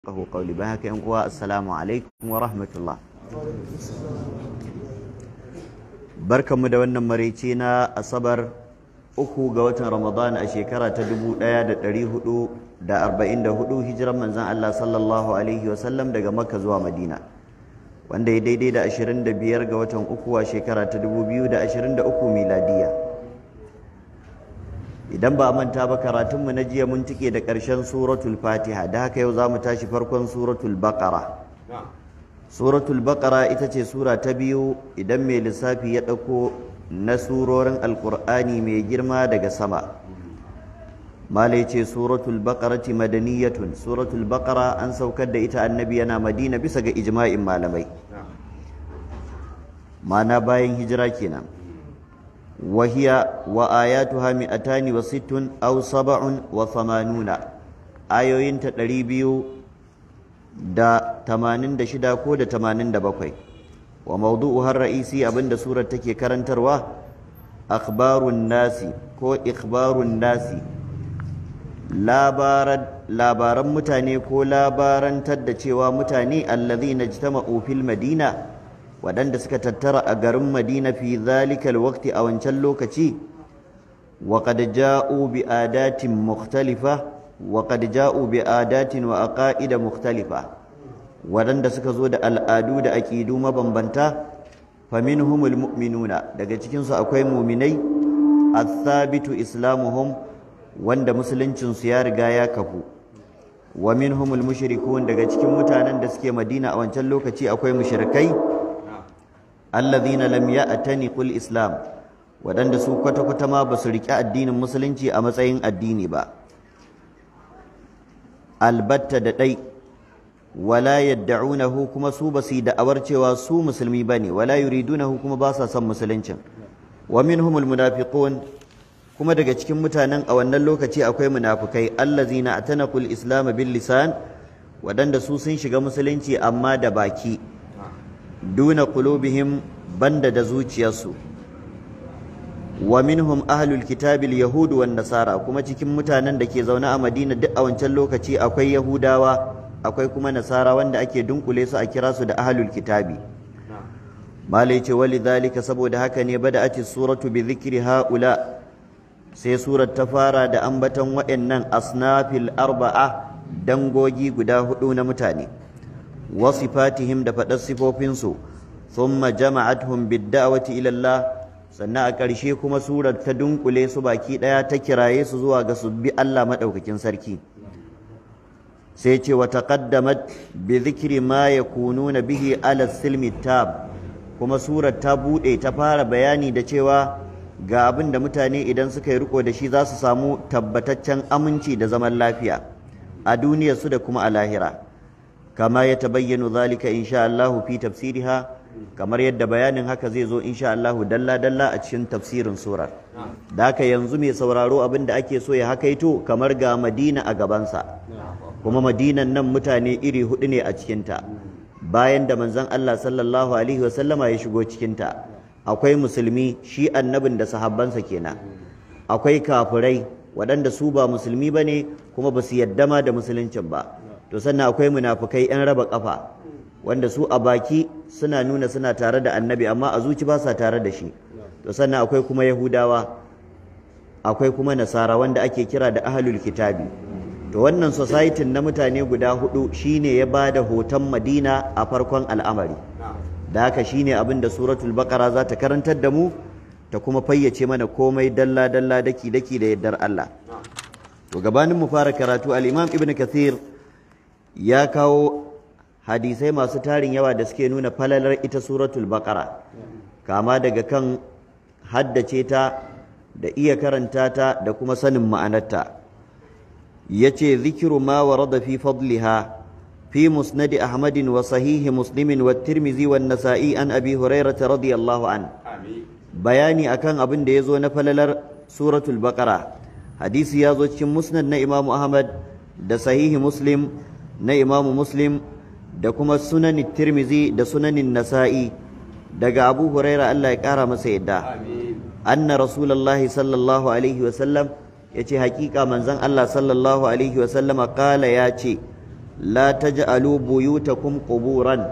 kahu haka yan uwa assalamu alaikum da wannan maraice na asabar uku ga watan ramadan a shekara ta 1444 hijiran manzon Allah sallallahu alaihi Allah sallam daga makka zuwa madina wanda ya daidai da biyar ga watan uku a shekara ta 2023 miladiya idan ba manta ba karatunmu na jiya mun tike da ƙarshen suratul fatiha da haka yau za mu tashi farkon suratul baƙara suratul baƙara ita ce sura ta biyu idan mai lissafi ya ɗauko na surorin alƙur'ani mai girma daga sama ya ce suratul baƙara madaniyatun suratul baƙara an saukar da ita annabi yana madina bisa ga ijima'in malamai mana bayan hijira kenan وهي وآياتها مئتان وست أو سبع وثمانون آيوين تقريبيو دا تمانين دا شدا كو دا تمانين دا بقوي وموضوعها الرئيسي أبن دا سورة تكي كرن ترواه أخبار الناس كو إخبار الناس labaran labaran mutane ko labarantar da cewa mutane allazina ijtama'u fil madina waɗanda suka tattara a garin madina fi zalikal waqti a wancan lokaci wa qad ja'u bi adatin mukhtalifa wa qad ja'u bi adatin wa aqaida mukhtalifa waɗanda suka zo da al'adu da aƙidu mabambanta faminhumul mu'minuna daga cikin su akwai mu'minai athabitu islamuhum wanda musuluncin su ya riga ya kafu wa minhumul mushrikun daga cikin mutanen da suke madina a wancan lokaci akwai mushrikai alladhina lam ya'tani kul islam waɗanda su kwata-kwata ma ba su riƙe addinin musulunci a matsayin addini ba albatta da ɗai wala yadda'unahu kuma su basu su yi da'awar cewa su musulmi ba ne wala yuridunahu kuma ba sa son musuluncin wa minhumul munafiqun kuma daga cikin mutanen a wannan lokaci akwai munafukai allazina atanakul islam bil lisan waɗanda su sun shiga musulunci amma da baki duna kulobihin banda da zuciyarsu wa minhum ahlul kitabil yahudu wan nasara kuma cikin mutanen da ke zaune a Madina duk a wancan lokaci akwai yahudawa akwai kuma nasara wanda ake dunkule su a kirasu da ahlul kitabi malai wali zalika saboda haka ne bada ati suratu bi zikri haula sai surar ta fara da ambaton waɗannan asnafil arba'a dangogi guda huɗu na mutane wa sifatihim da faɗar sifofinsu thumma jama'atuhum bid a wata ilalla sannan a ƙarshe kuma surar ta dunkule su baki ɗaya ta kiraye su zuwa ga su bi Allah maɗaukakin sarki sai ce wa taqaddamat bi dhikri ma yakununa bihi ala silmi tab kuma surar ta buɗe ta fara bayani da cewa ga abin da mutane idan suka yi riko da shi za su samu tabbataccen aminci da zaman lafiya a duniyarsu da kuma a lahira. kama ya tabayyanu zalika insha Allah fi tafsiriha kamar yadda bayanin haka zai zo insha Allah dalla dalla a cikin tafsirin surar da haka yanzu mai sauraro abin da ake so ya hakaito kamar ga Madina a gabansa kuma Madinan nan mutane iri huɗu ne a cikinta bayan da manzon Allah sallallahu alaihi wasallama ya shigo cikinta akwai musulmi shi annabin da sahabbansa kenan akwai kafirai waɗanda su ba musulmi ba ne kuma ba su yadda da musuluncin ba to sannan akwai munafukai yan raba kafa wanda su a baki suna nuna suna tare da annabi amma a zuci ba sa tare da shi to sannan akwai kuma yahudawa akwai kuma nasara wanda ake kira da ahlul kitabi to wannan society na mutane guda hudu shine ya bada hoton madina a farkon al'amari da haka shine abin da suratul baqara za ta karantar da mu ta kuma fayyace mana komai dalla dalla daki daki da yaddar Allah to gabanin mu fara karatu al-imam ibnu kathir ya kawo hadisai masu tarin yawa da suke nuna falalar ita suratul bakara kama daga kan haddace ta da iya karanta ta da kuma sanin ma'anarta ce zikiru ma rada fi fadliha fi musnadi Ahmadin, wa sahihi muslimin wa tirmizi wa nasa'i an abi ta radiyallahu an bayani akan abin da yazo na falalar suratul bakara hadisi yazo cikin musnad na imam ahmad da sahihi muslim na imamu muslim da kuma sunanin tirmizi da sunanin nasa'i daga abu huraira Allah ya kara masa yadda anna rasulullahi sallallahu alaihi wasallam ya ce hakika manzon Allah sallallahu alaihi wasallama kala ya ce la taj'alu kum quburan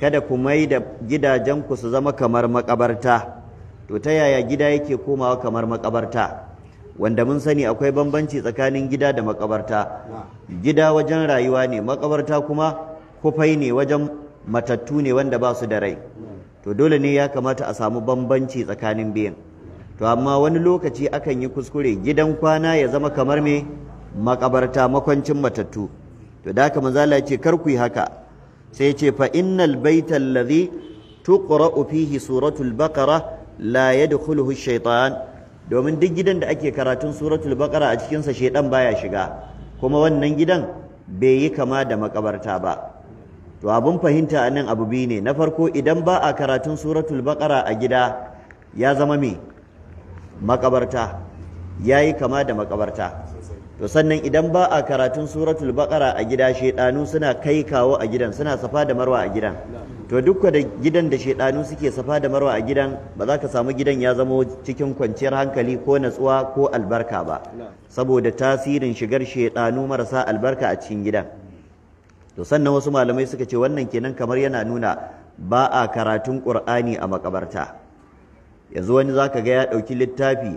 kada ku mai da gidajenku su zama kamar makabarta to ta yaya gida yake komawa kamar makabarta wanda mun sani akwai bambanci tsakanin gida da makabarta gida wajen rayuwa ne makabarta kuma kufai ne wajen matattu ne wanda ba su da rai to dole ne ya kamata a samu bambanci tsakanin biyan to amma wani lokaci akan yi kuskure gidan kwana ya zama kamar me makabarta makwancin matattu to da haka manzala ce kar ku yi haka sai ce fa innal baita allazi tuqra'u fihi suratul baqara la yadkhuluhu ash-shaytan domin duk gidan da ake karatun suratul baqara a cikin cikinsa shedan baya shiga kuma wannan gidan bai yi kama da makabarta ba to abun fahimta a nan abu biyu ne na farko idan ba a karatun suratul baqara a gida ya zama me makabarta ya yi kama da makabarta to sannan idan ba a karatun suratul baqara a gida shedanu suna kai kawo a gidan suna safa da marwa a gidan to dukka da gidan da shedanu suke safa da marwa a gidan ba za ka samu gidan ya zama cikin kwanciyar hankali ko natsuwa ko albarka ba saboda tasirin shigar shedanu marasa albarka a cikin gidan to sannan wasu malamai suka ce wannan kenan kamar yana nuna ba a karatun qur'ani a makabarta yanzu wani zaka ga ya dauki littafi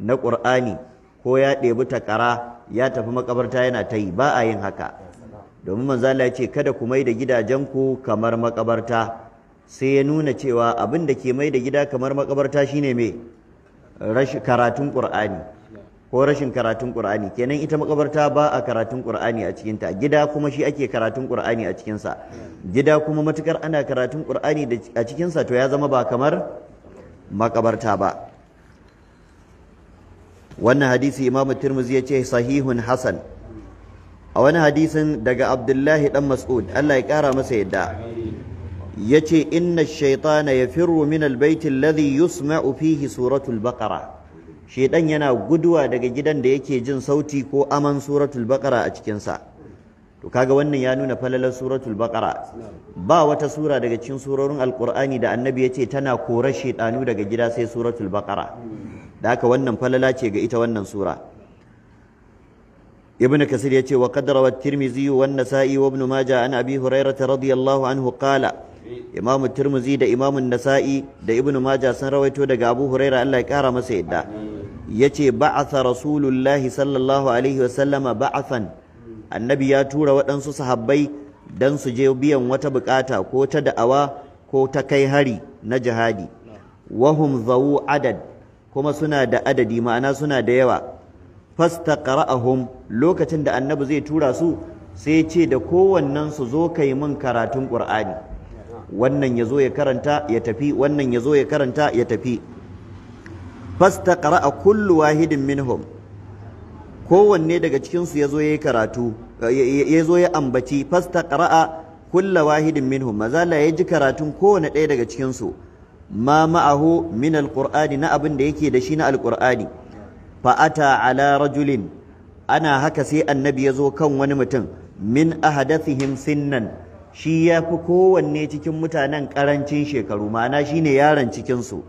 na qur'ani ko ya ɗebi takara ya tafi makabarta yana ta yi ba a yin haka domin Manzala Allah ya ce kada ku mai da gidajenku kamar makabarta sai ya nuna cewa abin da ke mai da gida kamar makabarta shine me rashin karatun Qur'ani ko rashin karatun Qur'ani kenan ita makabarta ba a karatun Qur'ani a cikin gida kuma shi ake karatun Qur'ani a cikinsa gida kuma matukar ana karatun Qur'ani a cikinsa to ya zama ba kamar makabarta ba wannan hadisi Imam At-Tirmizi ya ce sahihun hasan a wani hadisin daga Abdullahi dan Mas'ud Allah ya kara masa yadda yace inna shaitana ya yafirru min al alladhi yusma'u fihi suratul baqara shedan yana guduwa daga gidan da yake jin sauti ko aman suratul baqara a cikin sa to kaga wannan ya nuna falalar suratul baqara ba wata sura daga cikin surorin alqur'ani da annabi ya ce tana kora shaiɗanu daga gida sai suratul baqara da wannan falala ce ga ita wannan sura ibnu kasir ya ce wa qad rawa tirmizi wa an-nasa'i wa ibn majah an abi radiyallahu anhu qala imam tirmizi da imam an-nasa'i da ibnu maja sun rawaito daga abu hurairah Allah ya kara masa yadda yace ba'atha rasulullahi sallallahu alaihi wa sallama ba'athan annabi ya tura waɗansu sahabbai dan su je biyan wata bukata ko ta da'awa ko ta kai hari na jihadi wahum zawu adad kuma suna da adadi ma'ana suna da yawa fastaqra'ahum lokacin da annabi zai tura su sai ce da kowannen su zo kai min karatun qur'ani wannan yazo ya karanta ya tafi wannan yazo ya karanta ya tafi fastaqra'a kullu wahidin minhum kowanne daga cikin su yazo yayi karatu yazo ya ambaci fastaqra'a kullu wahidin minhum mazala ya ji karatun kowanne ɗaya daga cikin su Mama Aho, min alqur'ani na abin da yake da shi na alqur'ani fa'ata ata ala ana haka sai annabi ya zo kan wani mutum min ahadathihim sinnan shi ya fi kowanne cikin mutanen karancin shekaru mana shine yaron cikinsu. su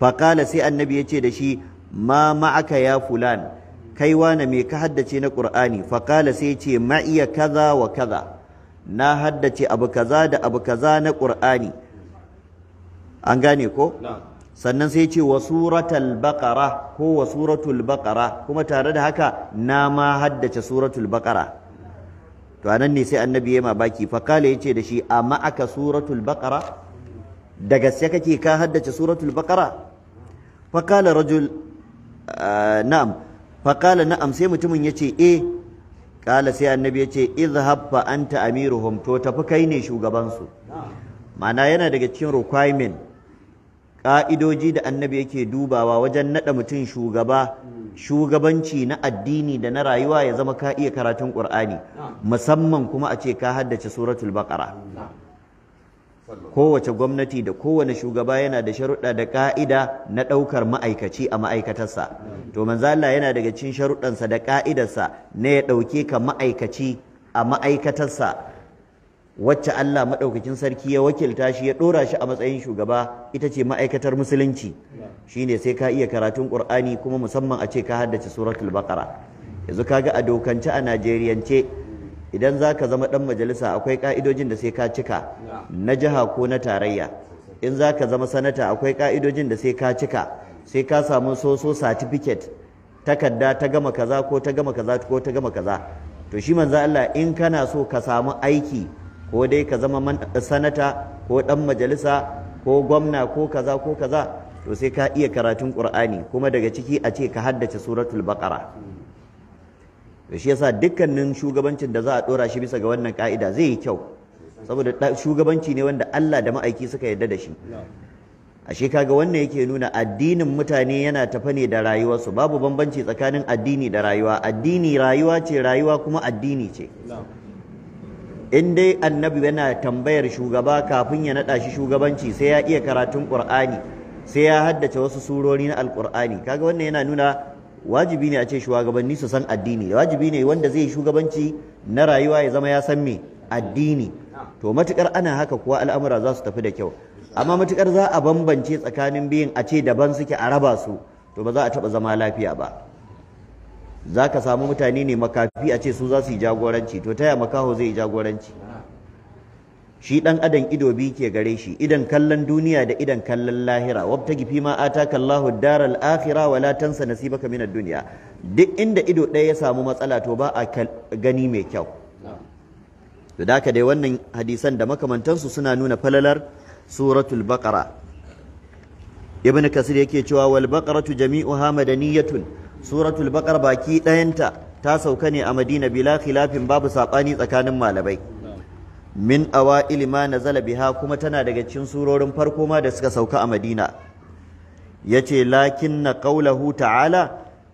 faƙala sai annabi ya ce da shi Mama ma'aka ya fulan kai wane me ka haddace na ƙur'ani faƙala sai ce ma'iya kaza wa kaza na haddace abu kaza da abu kaza na ƙur'ani an gane ko sannan sai ce wa suratul baqara ko wa suratul baqara kuma tare da haka na ma haddace suratul baqara to anan ne sai annabi ya ma baki? fa kale yace da shi amma aka suratul baqara da gaske kake ka haddace suratul baqara fa kala rajul ah, na'am fa kala na'am sai mutumin yace eh kala sai annabi yace izhab fa anta amiruhum to tafi kai ne shugaban su ma'ana yana daga cikin requirement ƙa'idoji da annabi yake dubawa wajen naɗa mutum shugaba shugabanci na addini da na rayuwa ya zama ka iya karatun ƙur'ani musamman kuma a ce ka haddace suratul bakara kowace gwamnati da kowane shugaba yana da sharuɗa da ƙa'ida na ɗaukar ma'aikaci a ma'aikatarsa to manzo yana daga cikin sharuɗansa da ƙa'idarsa na ya ɗauke ka ma'aikaci a ma'aikatarsa wacce Allah maɗaukakin sarki ya wakilta shi ya ɗora shi a matsayin shugaba ita ce ma'aikatar musulunci shine sai ka iya karatun ƙur'ani kuma musamman a ce ka haddace suratul baqara yanzu kaga a dokance a najeriyance idan za ka zama ɗan majalisa akwai ƙa'idojin da sai ka cika na jiha ko na tarayya in za ka zama sanata akwai ka'idojin da sai ka cika sai ka samu soso satifiket takarda ta gama kaza ko ta gama kaza ko ta gama kaza to shi manzo Allah in kana so ka samu aiki ko dai ka zama sanata ko ɗan majalisa ko gwamna ko kaza ko kaza to sai ka iya karatun ƙur'ani kuma daga ciki a ce ka haddace suratul baƙara to shi yasa dukkanin shugabancin da za a ɗora shi bisa ga wannan ƙa'ida zai yi kyau saboda shugabanci ne wanda Allah da ma'aiki suka yarda da shi ashe kaga wannan yake nuna addinin mutane yana tafa ne da rayuwarsu babu bambanci tsakanin addini da rayuwa addini rayuwa ce rayuwa kuma addini ce in dai annabi yana tambayar shugaba kafin ya naɗa shi shugabanci sai ya iya karatun ƙur'ani sai ya haddace wasu surori na alƙur'ani kaga wannan yana nuna wajibi ne a ce shugabanni su san addini wajibi ne wanda zai shugabanci na rayuwa ya zama ya san me addini to matukar ana haka kuwa al'amura za su tafi da kyau amma matukar za a bambance tsakanin biyun a ce daban suke a raba su to ba za a taba zama lafiya ba za ka samu mutane ne makafi a ce su za su yi jagoranci to taya makaho zai yi jagoranci shi dan adam ido biyu ke gare shi idan kallon duniya da idan kallon lahira wabtagi gifi ma ataka Allahu daral wala wa la tansa nasibaka minad duniya. duk inda ido ɗaya ya samu matsala to ba a gani mai kyau to da dai wannan hadisan da makamantansu suna nuna falalar suratul baqara ibn kasir yake cewa wal baqaratu jami'uha madaniyatun suratul baqar baki ɗayanta ta sauka ne a madina bila khilafin babu saɓani tsakanin malamai min awa'il ma nazala biha kuma tana daga cikin surorin farko ma da suka sauka a madina yace lakinna qawluhu ta'ala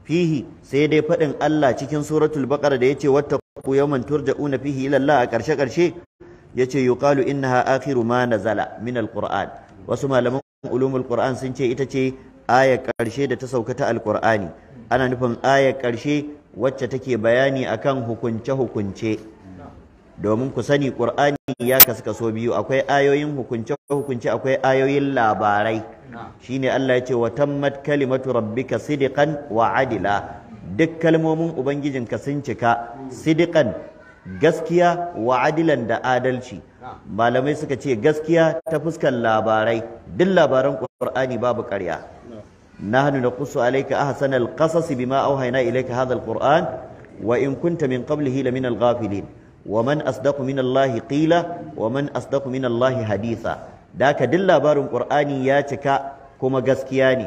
fihi sai dai faɗin Allah cikin suratul baqara da yace wattaqu yawman turja'una fihi ila Allah a ƙarshe ƙarshe yace yuqalu innaha akhiru ma nazala min alquran wasu malaman ulumul qur'an sun ce ita ce aya ƙarshe da ta sauka ta alqur'ani ana nufin ayar ƙarshe wacce take bayani akan hukunce-hukunce domin ku sani ƙur'ani ya kasu kaso biyu akwai ayoyin hukunce-hukunce akwai ayoyin labarai shine Allah ya ce wa tammat kalimatu rabbika wa adila duk kalmomin ubangijinka sun cika Sidikan gaskiya wa adilan da adalci malamai suka ce gaskiya ta fuskan labarai duk labaran ƙur'ani babu ƙarya nahnu naqussu alayka ahsana alqasas bima awhayna ilayka hadha alquran wa in kunta min qablihi la min alghafilin wa man asdaqu min allahi qila wa man asdaqu min allahi haditha da labarin qur'ani ya cika kuma gaskiya ne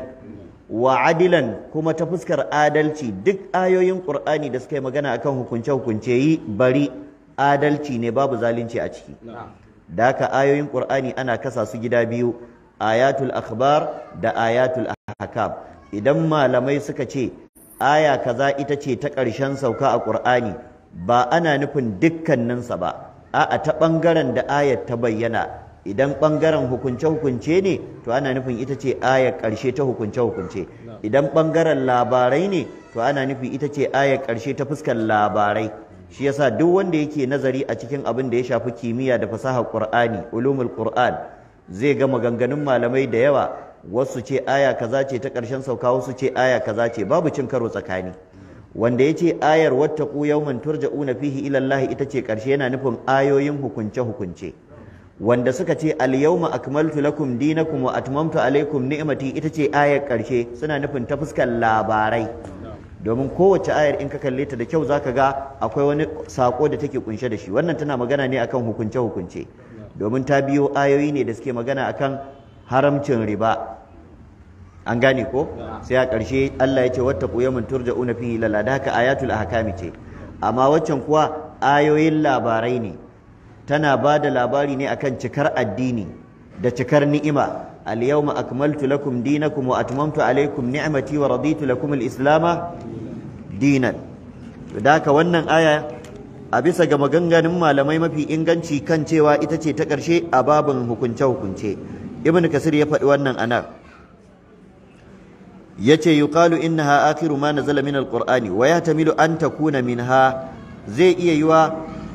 wa adilan kuma ta fuskar adalci duk ayoyin qur'ani da suka yi magana akan hukunce hukunce yi bari adalci ne babu zalunci a ciki da ayoyin qur'ani ana kasa su gida biyu ayatul akhbar da ayatul ahkam idan malamai suka ce aya kaza ita ce ta ƙarshen sauka a Qur'ani ba ana nufin dukkaninsa ba a'a ta bangaren da ayat ta bayyana idan bangaren hukunce-hukunce ne to ana nufin ita ce ayar ƙarshe ta hukunce-hukunce idan bangaren labarai ne to ana nufi ita ce ayar ƙarshe ta fuskar labarai shi yasa duk wanda yake nazari a cikin abin da ya shafi kimiyya da fasahar qur'ani ulumul qur'an zai ga maganganun malamai da yawa wasu ce aya kaza ce ta ƙarshen sauka wasu ce aya kaza ce babu cin karo tsakani wanda ya ce ayar wattaqu yawman turja'una fihi ila Allah ita ce ƙarshe yana nufin ayoyin hukunce hukunce wanda suka ce al-yawma akmaltu lakum dinakum wa atmamtu alaykum ni'mati ita ce ayar ƙarshe suna nufin ta fuskar labarai domin kowace ayar in ka kalle ta da kyau zaka ga akwai wani sako da take kunshe da shi wannan tana magana ne akan hukunce hukunce domin ta biyo ayoyi ne da suke magana akan haramcin riba an gane ko sai a ƙarshe Allah ya ce wattaqu yawman turja'una fihi ila da haka ayatul ahkami ce amma waccan kuwa ayoyin labarai ne tana ba da labari ne akan cikar addini da cikar ni'ima al-yawma akmaltu lakum dinakum wa atmamtu alaykum ni'mati wa raditu lakum al-islama dinan da haka wannan aya a bisa ga maganganun malamai mafi inganci kan cewa ita ce ta ƙarshe a babin hukunce-hukunce ibn kasir ya faɗi wannan ana yace yuqalu innaha akhiru ma nazala min alqur'ani wa yahtamilu an takuna minha zai iya yiwa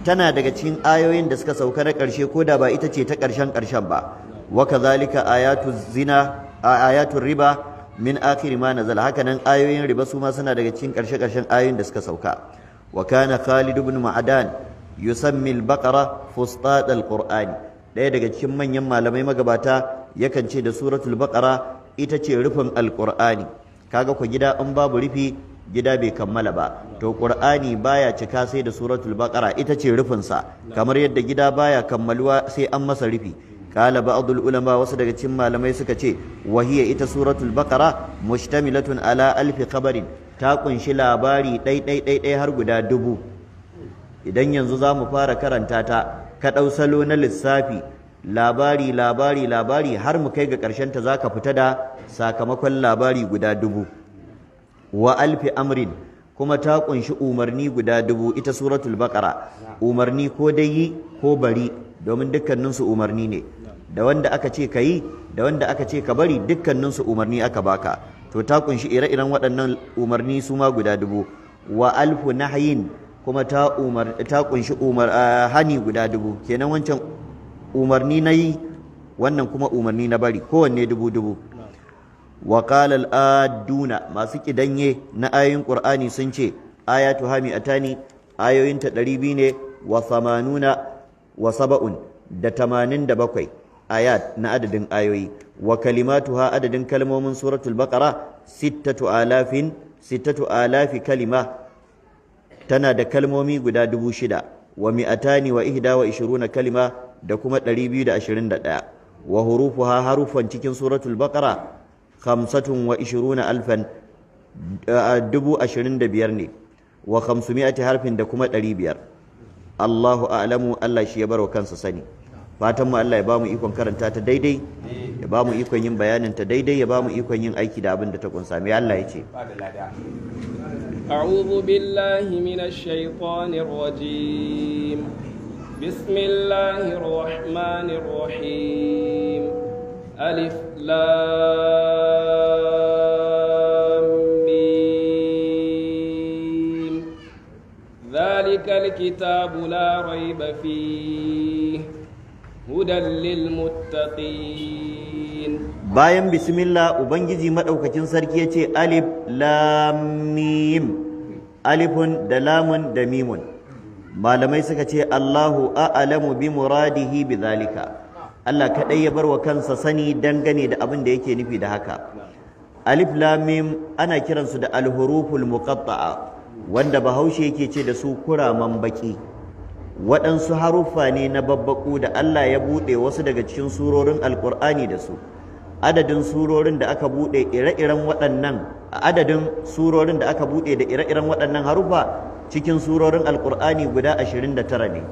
tana daga cikin ayoyin da suka sauka na ƙarshe ko da ba ita ce ta ƙarshen ƙarshen ba wa kadhalika ayatu zina ayatu riba min akhiri ma nazala nan, ayoyin riba su ma suna daga cikin ƙarshe ƙarshen ayoyin da suka sauka وكان خالد بن معدان يسمي البقرة فسطاط القرآن ɗaya daga cikin manyan malamai magabata yakan ce da suratul baƙara ita ce rufin alqur'ani kaga ku gida in babu rufi gida bai kammala ba to qur'ani baya cika sai da suratul baƙara ita ce rufin sa kamar yadda gida baya kammaluwa sai an masa rufi قال بعض العلماء wasu daga cikin malamai suka ce wahiya ita suratul baqara mushtamilatun ala alfi khabarin ta kunshi labari ɗai-ɗai-ɗai har guda dubu idan yanzu za mu fara karanta ta ka ɗau salo na lissafi labari labari labari har mu kai ga ƙarshen ta za ka fita da sakamakon labari guda dubu wa alfi amrin kuma ta kunshi umarni guda dubu ita suratul baqara umarni ko dai yi ko bari domin dukkaninsu umarni ne da wanda aka ce ka yi da wanda aka ce ka bari dukkaninsu umarni aka baka to ta kunshi ire-iren waɗannan umarni su ma guda dubu wa alfu nahyin kuma ta kunshi hani guda dubu kenan wancan umarni na yi wannan kuma umarni na bari kowanne dubu dubu wa qala al-aduna masu kidanye na ayoyin qur'ani sun ce ayatu hami atani ayoyin ta 200 ne wa samanuna wa saba'un da 87 ayat na adadin ayoyi wa kalimatuha adadin kalmomin suratul baqara sittatu alafin sittatu kalima tana da kalmomi guda dubu shida wa mi'atani wa ihda wa ishiruna kalima da kuma ɗari biyu da ashirin da ɗaya wa hurufuha harufan cikin suratul baqara khamsatun wa ishiruna alfan dubu ashirin da biyar ne wa harfin da kuma biyar Allahu a'lamu Allah shi ya bar wa kansa sani fatan mu Allah ya bamu ikon karanta ta daidai ya bamu ikon yin bayanin ta daidai ya bamu ikon yin aiki da abin da ta kunsa mai Allah ya ce أعوذ بالله من الشيطان الرجيم بسم الله الرحمن الرحيم ألف لام ذلك الكتاب لا ريب فيه hudan lil muttaqin bayan bismillah ubangiji madaukakin sarki yace alif lam mim alifun da lamun da mimun malamai suka ce Allahu a'lamu bi muradihi bi zalika Allah kadai ya barwa kansa sani dangane da abin da yake nufi da haka alif lam mim ana kiransu da al-huruful muqatta'a wanda bahaushe yake ce da su kuraman baki waɗansu haruffa ne na babbaƙu da Allah ya buɗe wasu daga cikin surorin alƙur'ani da su adadin surorin da aka buɗe ire-iren waɗannan adadin surorin da aka buɗe da ire-iren waɗannan haruffa cikin surorin alƙur'ani guda 29 ne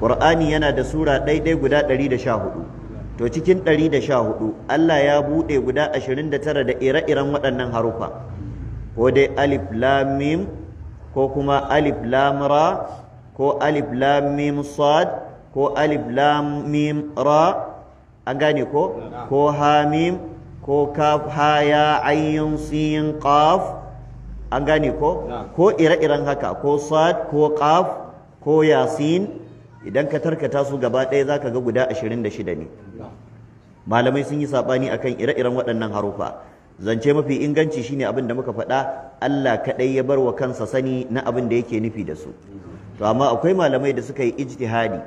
ƙur'ani yana da sura ɗaiɗai guda 114 to cikin 114 Allah ya buɗe guda 29 da ire-iren waɗannan haruffa ko dai alif lam mim ko kuma alif lam ra ko alif lam mim sad ko alif lam mim ra an gane ko ko ha mim ko kaf ha ya ayin sin qaf an gane ko ko ire-iren haka ko sad ko qaf ko yasin idan ka tarkata su gaba ɗaya zaka ga guda 26 ne malamai sun yi sabani akan ire-iren waɗannan harufa zance mafi inganci shine abin da muka faɗa Allah kaɗai ya bar wa kansa sani na abin da yake nufi da su to amma akwai malamai da suka yi ijtihadi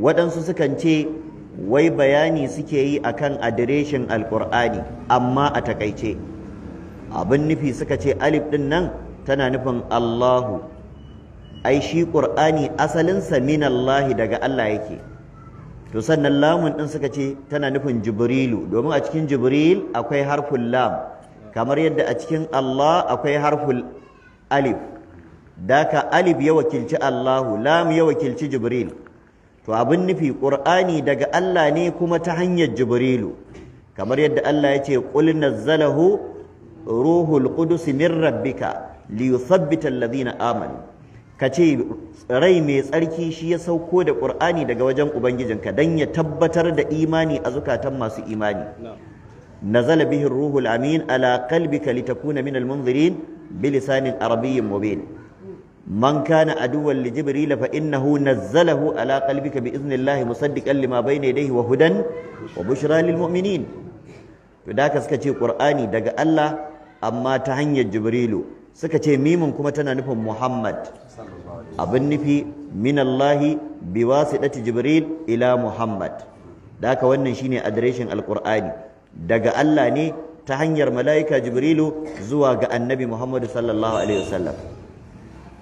waɗansu sukan ce wai bayani suke yi akan adireshin alkur'ani amma a takaice abin nufi suka ce alif ɗin nan tana nufin allahu ai shi ƙur'ani asalinsa min daga allah yake to sannan lamun ɗin suka ce tana nufin jibrilu domin a cikin jibril akwai harful lam kamar yadda a cikin allah akwai harful alif daka alif ya wakilci Allahu lam ya wakilci Jibril to abin nufi Qur'ani daga Allah ne kuma ta hanyar Jibrilu kamar yadda Allah yace ce qul nazzalahu ruhul qudus min rabbika liyuthabbita alladhina amanu kace rai mai tsarki shi ya sauko da Qur'ani daga wajen ubangijinka dan ya tabbatar da imani a zukatan masu imani nazala bihi ruhul amin ala qalbika litakuna minal munzirin bilisanin arabiyyin mubin man kana aduwwan li jibril fa innahu nazzalahu ala qalbika bi idnillahi musaddiqan lima bayna yadayhi wa hudan wa bushra lil mu'minin to da suka ce qur'ani daga Allah amma ta hanyar jibrilu suka ce mimin kuma tana nufin muhammad abin nufi minallahi bi wasidati jibril ila muhammad da haka wannan shine adireshin alqur'ani daga Allah ne ta hanyar mala'ika jibrilu zuwa ga annabi Muhammadu sallallahu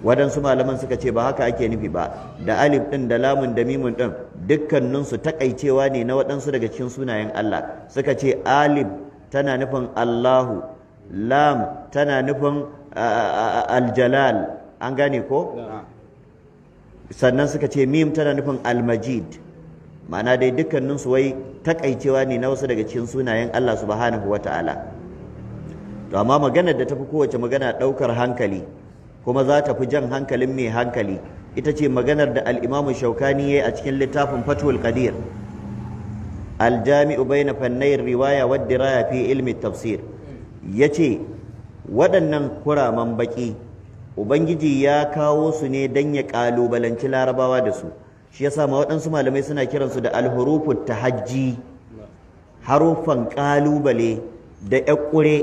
waɗansu malaman suka ce ba haka ake nufi ba da alif ɗin da lamun da mimun ɗin dukkaninsu takaicewa ne na waɗansu daga cikin sunayen Allah suka ce alif tana nufin Allahu lam tana nufin aljalal an gane ko sannan suka ce mim tana nufin almajid ma'ana dai dukkaninsu wai takaicewa ne na wasu daga cikin sunayen Allah subhanahu wata'ala to amma maganar da tafi kowace magana ɗaukar hankali kuma za ta fi jan hankalin mai hankali ita ce maganar da al'imamu shaukani ya yi a cikin littafin fatul qadir aljami'u bayna fannayin riwaya wa diraya fi ilmi tafsir ya ce waɗannan kuraman baƙi ubangiji ya kawo su ne don ya ƙalubalanci larabawa da su shi ya sama waɗansu malamai suna kiransu da alhurufu tahajji harufan ƙalubale da ƴaƙure. ƙure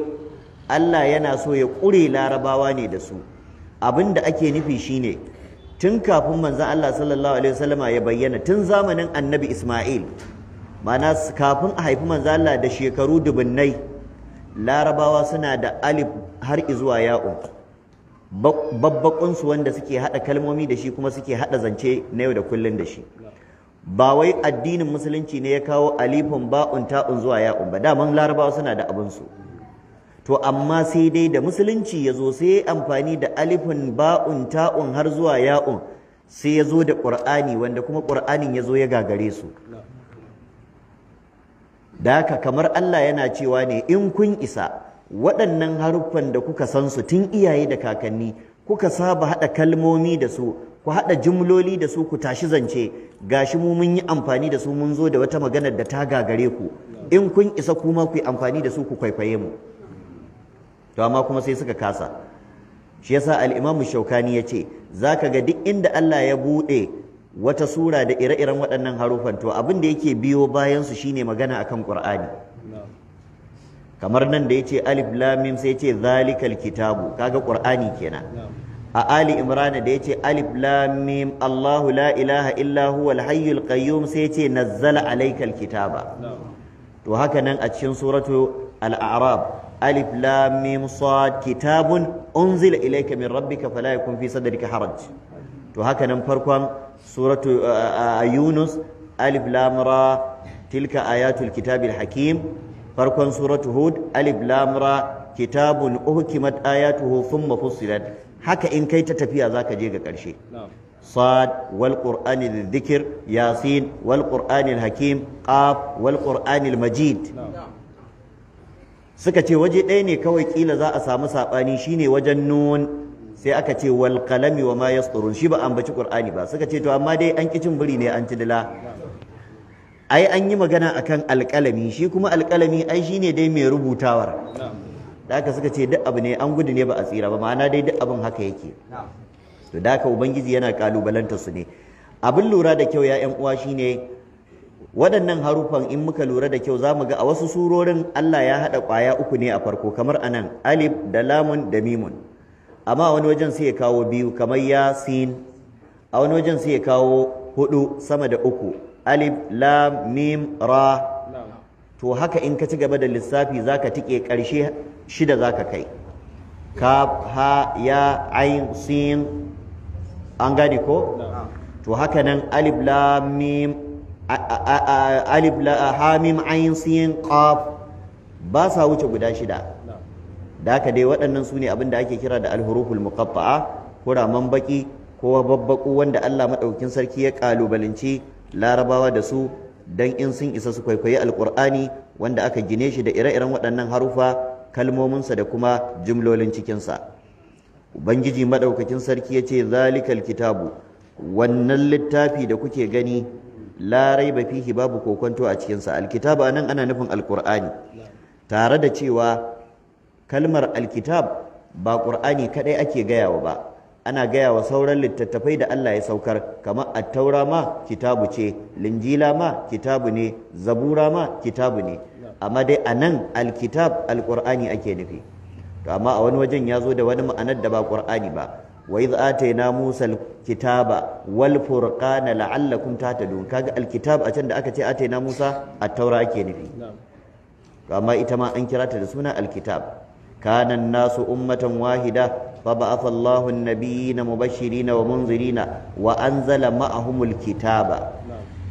Allah yana so ya ƙure larabawa ne da su abin da ake nufi shine tun kafin manzon Allah sallallahu alaihi wasallama ya bayyana tun zamanin annabi Ismail mana kafin a haifi manzon Allah da shekaru dubunnai larabawa suna da alif har izuwa ya'u babbakunsu wanda suke haɗa kalmomi da shi kuma suke haɗa zance na yau da kullun da shi ba wai addinin musulunci ne ya kawo alifin ba'un ta'un zuwa ya'un ba daman larabawa suna da abinsu su to amma sai dai da musulunci ya zo sai amfani da alifin ba'un ta'un har zuwa ya'un sai ya zo da ƙur'ani wanda kuma ƙur'anin ya zo ya gagare su da haka kamar Allah yana cewa ne in kun isa waɗannan haruffan da kuka san su tun iyaye da kakanni kuka saba haɗa kalmomi da su ku haɗa jimloli da su ku tashi zance gashi mu mun yi amfani da su mun zo da wata maganar da ta gagare ku in kun isa kuma ku yi amfani da su ku kwaikwaye mu to amma kuma sai suka kasa shi yasa al-Imam Shaukani yace zaka ga duk inda Allah ya bude wata sura da ire-iren waɗannan harufan to abin da yake biyo bayan su shine magana akan Qur'ani kamar nan da yace alif lam mim sai yace zalikal kitabu kaga Qur'ani kenan a Ali Imran da yace alif lam mim Allahu la ilaha illa huwal hayyul qayyum sai yace nazzala alaykal kitaba to haka nan a cikin suratu al-a'rab alif lam mim sad kitabun unzila ilayka min rabbika fala yakun fi sadrika haraj to haka nan farkon suratu yunus alif lam ra tilka ayatul kitabil hakim farkon suratu hud alif lam ra kitabun uhkimat ayatuhu thumma fussilat haka in kai ta tafiya zaka je ga karshe صاد والقرآن yasin ياسين والقرآن الحكيم قاف والقرآن المجيد نعم. suka ce waje ɗaya ne kawai ƙila za a samu saɓani shine wajen nun sai aka ce walƙalami wa ma yasturun shi ba ambaci ƙur'ani ba suka ce to amma dai an kicin biri ne an ci ai an yi magana akan alƙalami shi kuma alƙalami ai shine dai mai rubutawar da aka suka ce duk abu ne an gudu ne ba a tsira ba ma'ana dai duk abin haka yake to da ubangiji yana kalubalanta su ne abin lura da kyau 'ya'yan uwa shine waɗannan harufan in muka lura da kyau zamu ga a wasu surorin Allah ya haɗa ƙwaya uku ne a farko kamar anan alif da lamun da mimun amma wani wajen sai ya kawo biyu kamar yasin a wani wajen sai ya kawo hudu sama da uku alif lam mim ra to haka in ka ci gaba da lissafi zaka tike ƙarshe shida zaka kai kaf ha ya ain sin an gane ko to haka nan alif lam mim alif hamim ayin siyin qaf ba sa wuce guda shida da haka dai waɗannan su ne abin da ake kira da alhuruful muqatta'a kuraman baki ko babbaku wanda Allah madaukin sarki ya kalubalanci larabawa da su dan in sun isa su kwaikwayi Alƙur'ani wanda aka gine shi da ire-iren waɗannan harufa kalmominsa da kuma jimlolin cikinsa ubangiji madaukakin sarki ya ce zalikal kitabu wannan littafi da kuke gani la raiba fihi babu kokonto a cikin sa alkitab anan ana nufin alqur'ani tare da cewa kalmar alkitab ba qur'ani kadai ake gayawa ba ana gayawa sauran littattafai da Allah ya saukar kamar attaura ma kitabu ce linjila ma kitabu ne zabura ma kitabu ne amma dai anan alkitab alqur'ani ake nufi to amma a wani wajen ya zo da wani ma'anar da ba qur'ani ba Wa'iza idh atayna musa alkitaba wal furqana la'allakum tahtadun kaga alkitab a can da aka ce atayna musa at-taura ake nufi amma ita ma an kira ta da suna alkitab kana an-nasu ummatan wahida فبعث الله النبيين مبشرين ومنذرين وأنزل معهم الكتاب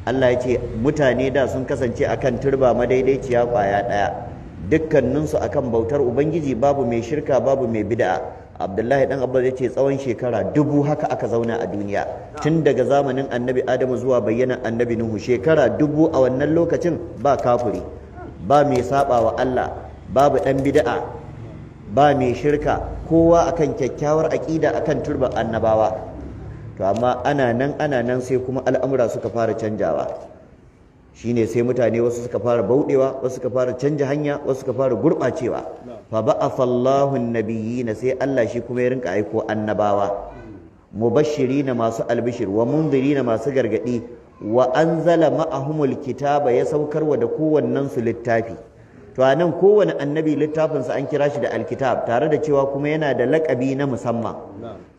Allah ya ce mutane da sun kasance akan turba madaidaiciya kwaya ɗaya dukkaninsu akan bautar ubangiji babu mai shirka babu mai bida'a. abdullahi dan abbas yace tsawon shekara dubu haka aka zauna a duniya tun daga zamanin annabi adamu zuwa bayyana annabi nuhu shekara dubu a wannan lokacin ba kafuri ba mai saba wa Allah babu dan bida'a, ba mai shirka kowa akan kyakkyawar aqida akan turban annabawa to amma ana nan ana nan sai kuma al'amura suka fara canjawa shine sai mutane wasu suka fara bauɗewa wasu suka fara canja hanya wasu suka fara gurɓacewa fa ba'atha Allahu nabiyina sai Allah shi kuma ya rinka aiko annabawa na masu albishir wa na masu gargadi wa anzala ma'ahumul kitaba ya saukarwa da kowannen su littafi to anan kowane annabi littafin an kira shi da alkitab tare da cewa kuma yana da lakabi na musamman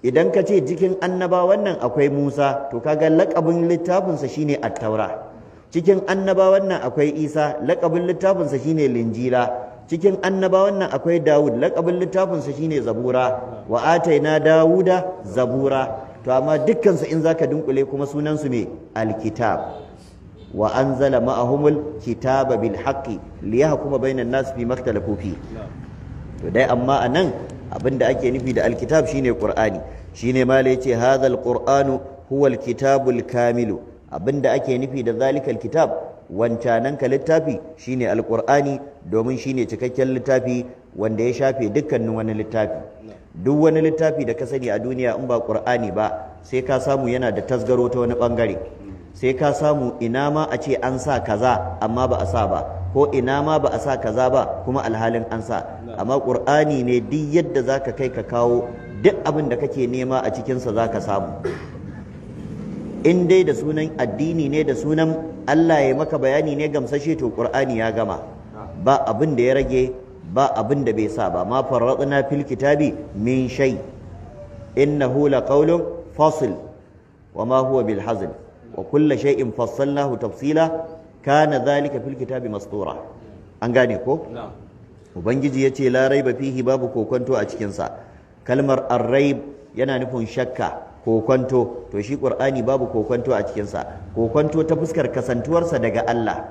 idan ka ce jikin annaba wannan akwai Musa to kaga laƙabin littafin sa shine at-taura cikin annabawan nan akwai Isa lakabin littafinsa shine linjila cikin annabawan nan akwai Dawud lakabin littafinsa shine zabura wa ataina Dawuda zabura to amma dukkansu in zaka dunkule kuma sunansu ne alkitab wa anzala ma'ahumul kitaba bil haqqi liyahkuma bainan nas fi maktalafu fi to dai amma anan abinda ake nufi da alkitab shine qur'ani shine mala yace hadha alqur'anu huwa alkitabul kamilu Abin da ake nufi da zalikal kitab wancananka littafi shine alqur'ani domin shine cikakken littafi wanda ya shafe dukkanin wani littafi duk wani littafi da ka sani a duniya in ba qur'ani ba sai ka samu yana da tasgaro ta wani bangare sai ka samu ina ma a ce an sa kaza amma ba a sa ba ko ina ma ba a sa kaza ba kuma alhalin an sa amma qur'ani ne duk yadda zaka kai ka kawo duk abin da kake nema a cikinsa zaka samu in dai da sunan addini ne da sunan Allah ya maka bayani ne gamsashe to Qur'ani ya gama ba abin da ya rage ba abin da bai sa ba ma farradna fil kitabi min shay innahu laqawlun fasl wama huwa bil hazl wa kullu shay'in fassalnahu tafsila kana dhalika fil kitabi mastura an gane ko ubangiji yace la raiba fihi babu kokonto a cikin sa kalmar ar-raib yana nufin shakka kokwanto to shi qur'ani babu kokwanto a cikin sa kokwanto ta fuskar kasantuwarsa daga Allah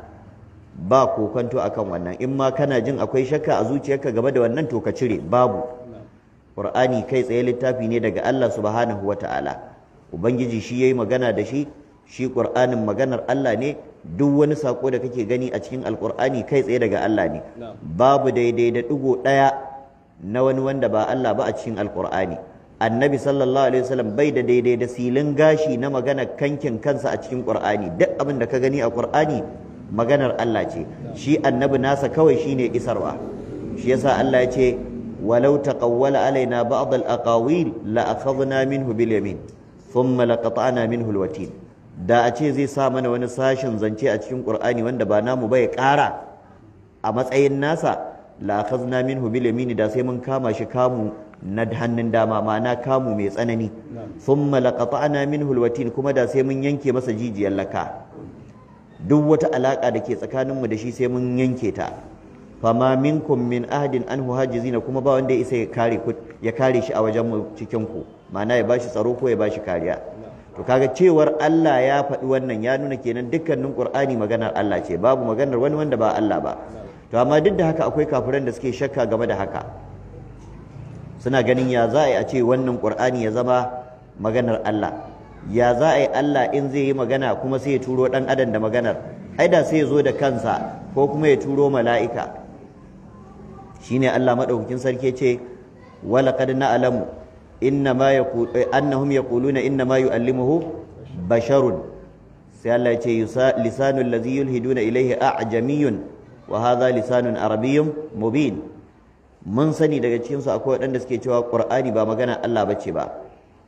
ba kokwanto akan wannan in ma kana jin akwai shakka a zuciyarka game da wannan to ka cire babu qur'ani kai tsaye littafi ne daga Allah subhanahu wataala ubangiji shi yayi magana da shi shi qur'anin maganar Allah ne duk wani sako da kake gani a cikin alqur'ani kai tsaye daga Allah ne babu daidai da digo daya na wani wanda ba Allah ba a cikin alqur'ani annabi sallallahu alaihi wasallam bai da daidai da silin gashi na maganar kankin kansa a cikin qur'ani duk abin da ka gani a qur'ani maganar Allah ce shi annabi nasa kawai shine isarwa shi yasa Allah ya ce walau taqawwala alaina ba'd al-aqawil la akhadna minhu bil yamin thumma laqata'na minhu al-watin da a ce zai sa mana wani sashin zance a cikin qur'ani wanda ba namu ba ya kara? a matsayin nasa la akhadna minhu bil yamin da sai mun kama shi kamu na hannun dama ma'ana kamu mai tsanani sun thumma laqata'na min hulwatin kuma da sai mun yanke masa jijiyar laka duk wata alaka da ke tsakaninmu da shi sai mun yanke ta fama minkum min ahadin anhu zina kuma ba wanda ya isa ya kare shi a wajen mu cikin ku ma'ana ya bashi tsaro ko ya bashi kariya to kaga cewar Allah ya faɗi wannan ya nuna kenan dukkanin Qur'ani maganar Allah ce babu maganar wani wanda ba Allah ba to amma duk da haka akwai kafiran da suke shakka game da haka suna ganin ya za a yi a ce wannan ƙur'ani ya zama maganar Allah ya za a yi Allah in zai yi magana kuma sai ya turo ɗan adam da maganar ai da sai ya zo da kansa ko kuma ya turo mala'ika shine Allah madaukakin sarki ce wala qad na'lamu inna na yaqulu annahum yaquluna inna yu'allimuhu basharun sai Allah yace lisanul ladzi yulhiduna ilayhi a'jamiyyun wa hadha lisanun arabiyyun mubin mun sani daga su akwai waɗanda suke cewa Qur'ani ba magana Allah bace ba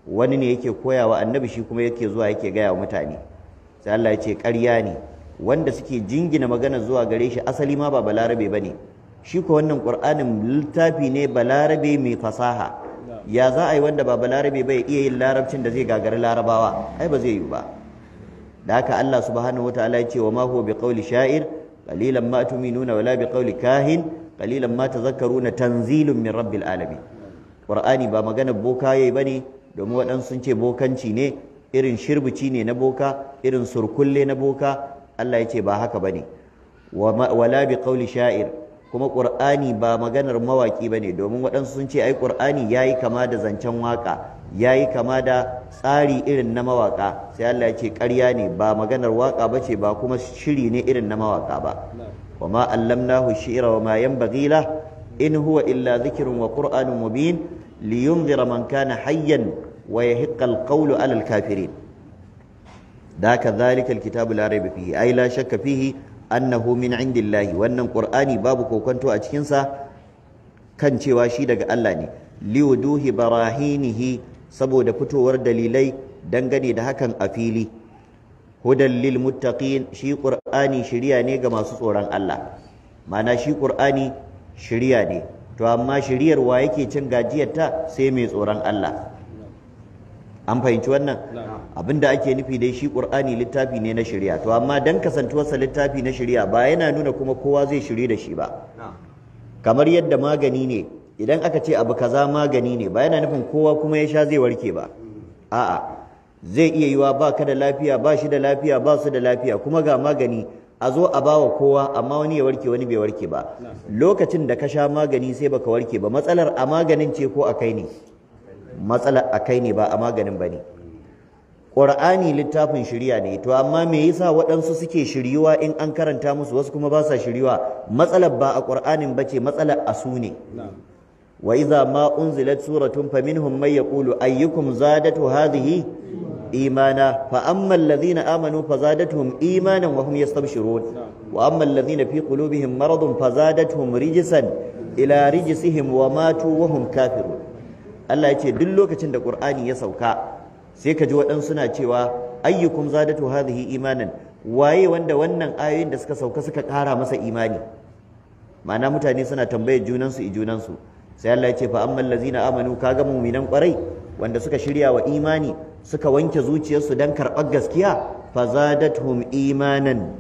wani ne yake koyawa annabi shi kuma yake zuwa yake gaya wa mutane sai Allah ya ce ƙarya ne wanda suke jingina magana zuwa gare shi asali ma ba balarabe ba ne shi ko wannan ƙur'anin littafi ne balarabe mai fasaha ya za a yi wanda ba balarabe bai iya yin larabcin da zai gagari larabawa ai ba zai yi ba da haka Allah subhanahu wataala ya ce wa ma huwa biqauli sha'ir qalilan ma tu'minuna wala biqauli kahin qalilan ma tazakkaruna tanzilun min rabbil alamin qur'ani ba magana boka yayi bane domin waɗansu sun ce bokanci ne irin shirbici ne na boka irin surkulle na boka Allah ya ce ba haka bane wala bi qawli sha'ir kuma qur'ani ba maganar mawaki bane domin waɗansu sun ce ai qur'ani yayi kama da zancen waka yayi kama da tsari irin na mawaka sai Allah ya ce ƙarya ne ba maganar waka bace ba kuma shiri ne irin na mawaka ba وما علمناه الشعر وما ينبغي له إن هو إلا ذكر وقرآن مبين لينذر من كان حيا ويهق القول على الكافرين ذاك ذلك الكتاب لا ريب فيه أي لا شك فيه أنه من عند الله وأن القرآن بابك وكنت أتكنسا كان شواشي دق ألاني liwuduhi barahinihi saboda fitowar dalilai dangane da hakan a fili hudan lil muttaqin shi qur'ani shiriya ne ga masu tsoron Allah ma'ana shi qur'ani shiriya ne to amma shiriyar wa yake cin gajiyar ta sai mai tsoron Allah an fahimci wannan abinda ake nufi dai shi qur'ani littafi ne na shirya, to amma dan kasantuwarsa littafi na shirya, ba yana nuna kuma kowa zai shiri da shi ba kamar yadda magani ne idan aka ce abu kaza magani ne ba yana nufin kowa kuma ya sha zai warke ba mm. a'a zai iya yiwa ba ka da lafiya ba shi da lafiya ba su da lafiya kuma ga magani a zo a bawa kowa amma wani ya warke wani bai warke ba lokacin da ka sha magani sai baka warke ba matsalar a maganin ce ko a kai ne matsalar a kai ne ba a maganin ba ne ƙur'ani littafin shirya ne to amma me yasa waɗansu suke shiryuwa in an karanta musu wasu kuma ba sa shiryuwa matsalar ba a ƙur'anin ba ce matsalar a su ne wa idza ma unzilat suratun faminhum ya yaqulu ayyukum zadatu hadhihi imana fa amma alladhina amanu fazadatuhum imanan wa hum yastabshirun wa amma alladhina fi qulubihim maradun fazadatuhum ila rijsihim wa matu wa hum Allah ya ce duk lokacin da ƙur'ani ya sauka sai ka ji waɗansu na cewa ayyukum zadatu hadhihi waye wanda wannan ayoyin da suka sauka suka kara masa imani ma'ana mutane suna tambayar junansu i junansu sai Allah ya ce fa ammal ladzina amanu kaga mu'minan kwarai wanda suka shirya wa imani suka wanke zuciyarsu dan karɓar gaskiya fazadathum imanan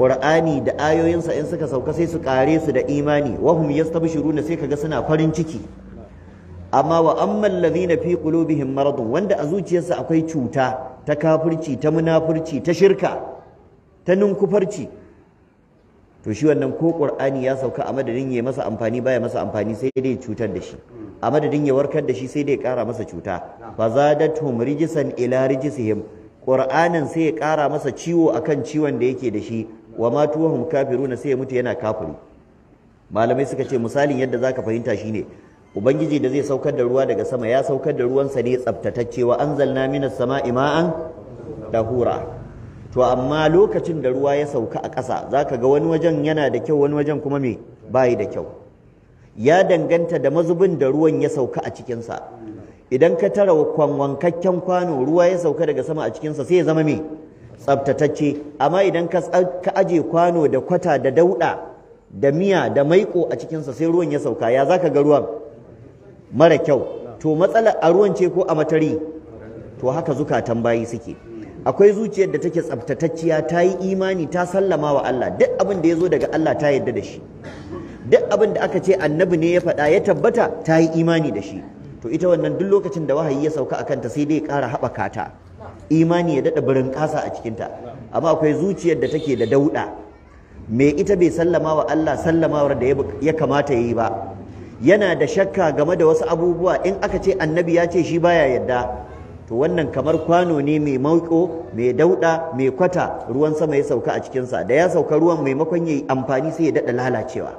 Qur'ani da ayoyinsa in suka sauka sai su kare su da imani wahum yastabshiruna sai kaga suna farin ciki amma wa ammal ladzina fi qulubihim maradun wanda a zuciyarsa akwai cuta ta kafirci ta munafurci ta shirka ta ninkufarci to shi wannan ko qur'ani ya sauka a madadin ya masa amfani baya masa amfani sai dai cutar da shi a madadin ya warkar da shi sai dai kara masa cuta fa zadatuhum rijsan ila rijsihim qur'anin sai ya kara masa ciwo akan ciwon da yake da shi wa tuwahum kafiruna sai ya mutu yana kafiri malamai suka ce misalin yadda zaka fahimta shine ubangiji da zai saukar da ruwa daga sama ya saukar da ruwan sa ne tsaftatacce wa anzalna minas sama'i ma'an dahura to amma lokacin da ruwa ya sauka a ƙasa za ka ga wani wajen yana da kyau wani wajen kuma mai bayi da kyau ya danganta da mazubin da ruwan ya sauka a cikinsa idan ka tara wankakken kwano ruwa ya sauka daga sama a cikinsa sai ya zama mai tsabtatacce amma idan ka aje kwano da kwata da dauɗa da miya da maiƙo a cikinsa sai ruwan ya sauka ya za ka ga ruwan mara kyau to matsalar a ruwan ce ko a matari to haka zukatan bayi suke akwai zuciyar da take tsaftatacciya ta yi imani ta sallama wa Allah duk abin da ya zo daga Allah ta yarda da shi duk abin da aka ce annabi ne ya faɗa ya tabbata ta yi imani da shi to ita wannan duk lokacin da wahayi ya sauka akan ta sai dai ƙara haɓaka ta imani ya daɗa birin ƙasa a cikinta amma akwai zuciyar da take da dauɗa me ita bai sallama wa Allah sallamawar da ya kamata ya yi ba yana da shakka game da wasu abubuwa in aka ce annabi ya ce shi baya yarda to wannan kamar kwano ne mai mauko mai dauda mai kwata ruwan sama ya sauka a cikin sa da ya sauka ruwan maimakon ya yi amfani sai ya daɗa lalacewa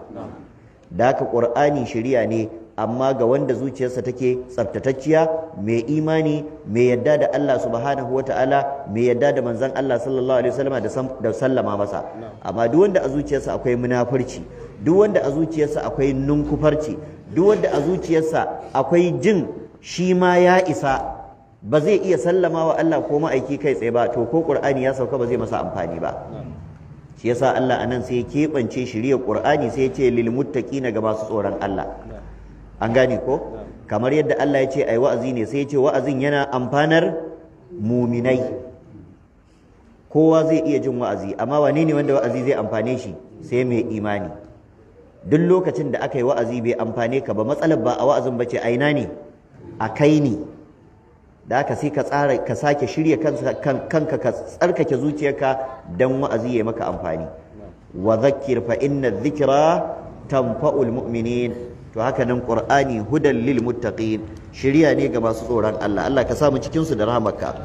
da haka ƙur'ani shiriya ne amma ga wanda zuciyarsa take tsaftatacciya mai imani mai yadda da Allah subhanahu wata'ala mai yadda da manzon Allah sallallahu alaihi wasallam da sallama masa amma duk wanda a zuciyarsa akwai munafurci duk wanda a zuciyarsa akwai nunkufarci duk wanda a zuciyarsa akwai jin shi ma ya isa ba zai iya sallama wa Allah ko ma'aiki kai tsaye ba to ko Qur'ani ya sauka ba zai masa amfani ba shi yasa Allah anan sai ya keɓance shirya Qur'ani sai ya ce lil muttaqina ga masu tsoron Allah an gane ko kamar yadda Allah ya ce ai wa'azi ne sai ya ce wa'azin yana amfanar muminai kowa zai iya jin wa'azi amma wane ne wanda wa'azi zai amfane shi sai mai imani duk lokacin da aka yi wa'azi bai amfane ka ba matsalar ba a wa'azin ba ce aina ne a kai ne da haka sai ka tsara ka sake shirya kanka ka tsarkake zuciyarka dan wa'azi ya maka amfani wa zakkir fa inna dhikra tanfa'ul mu'minin to haka nan qur'ani hudan lil muttaqin shirya ne ga masu tsoron Allah Allah ka samu cikin su da rahmarka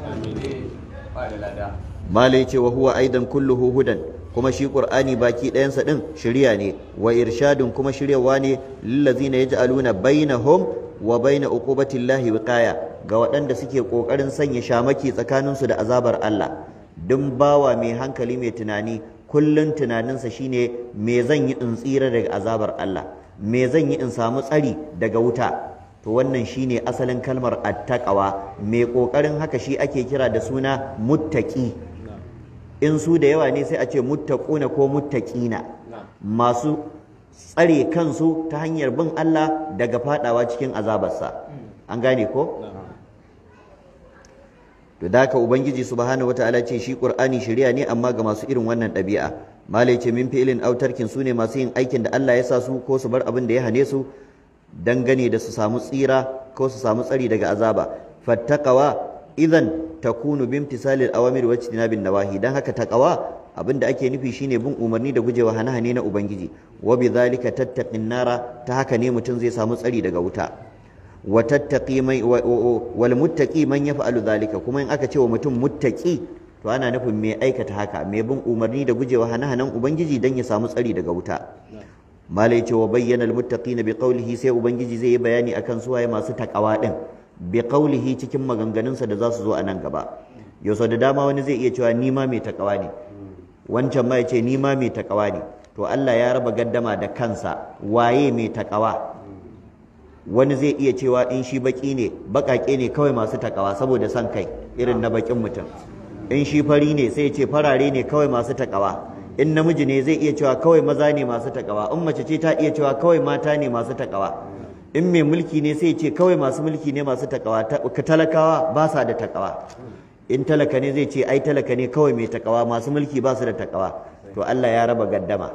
malai ce wa huwa aidan kulluhu hudan kuma shi qur'ani baki ɗayansa din shirya ne wa irshadun kuma shiryawa ne lil ladzina yaj'aluna bainahum wa baina llahi wiqaya ga waɗanda suke ƙoƙarin sanya shamaki tsakanin su da azabar Allah dun bawa mai hankali mai tunani kullun tunaninsa shine me zan yi in tsira daga azabar Allah me zan yi in samu tsari daga wuta to wannan shine asalin kalmar attaqwa mai ƙoƙarin haka shi ake kira da suna muttaqi in su da yawa ne sai a ce muttaquna ko muttaqina masu tsare kansu ta hanyar bin Allah daga fadawa cikin azabarsa an gane ko to da haka ubangiji subhanahu wataala ce shi qur'ani shari'a ne amma ga masu irin wannan ɗabi'a malai ce min fi'ilin autarkin su ne masu yin aikin da Allah ya sa su ko su bar abin da ya hane su dangane da su samu tsira ko su samu tsari daga azaba fattakawa idan takunu bimtisalil awamir wa nawahi dan haka taqwa abinda ake nufi shine bin umarni da gujewa hane-hane na ubangiji wa bidhalika tattaqin nara ta haka ne mutum zai samu tsari daga wuta wa tattaqi man ya muttaqi zalika, kuma in aka ce wa mutum muttaqi to ana nufin mai aikata haka mai bin umarni da gujewa hane-hanen ubangiji dan ya samu tsari daga wuta malai ce wa bayyana al na bi qawlihi sai ubangiji zai yi bayani akan suwaye masu takawa ɗin. bi cikin maganganunsa da za su zo a nan gaba yau da dama wani zai iya cewa ni mai takawa ne wancan ma ya ce ni mai takawa ne to Allah ya raba gaddama da kansa waye mai takawa wani zai iya cewa in shi baki ne bakake ne kawai masu takawa saboda son kai irin na bakin mutum in shi fari ne sai ya ce farare ne kawai masu takawa in namiji ne zai iya cewa kawai maza ne masu takawa in mace ce ta iya cewa kawai mata ne masu takawa in mai mulki ne sai ce kawai masu mulki ne masu takawa talakawa ba sa da takawa in talaka ne zai ce ai talaka ne kawai mai takawa masu mulki ba su da takawa to Allah ya raba gaddama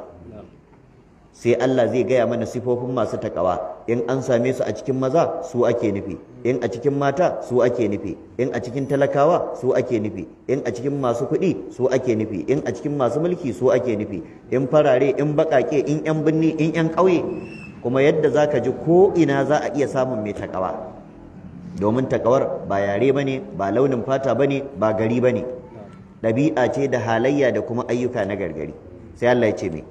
sai Allah zai gaya mana sifofin masu takawa in an same su a cikin maza su ake nufi in a cikin mata su ake nufi in a cikin talakawa su ake nufi in a cikin masu kuɗi su ake nufi in a cikin masu mulki su ake nufi in farare in baƙaƙe in 'yan binni in 'yan ƙauye kuma yadda za ka ji ko ina za a iya samun mai takawa domin takawar ba yare ba ne ba launin fata ba ne ba gari ba ne ɗabi'a ce da halayya da kuma ayyuka na gargari sai Allah ya ce mai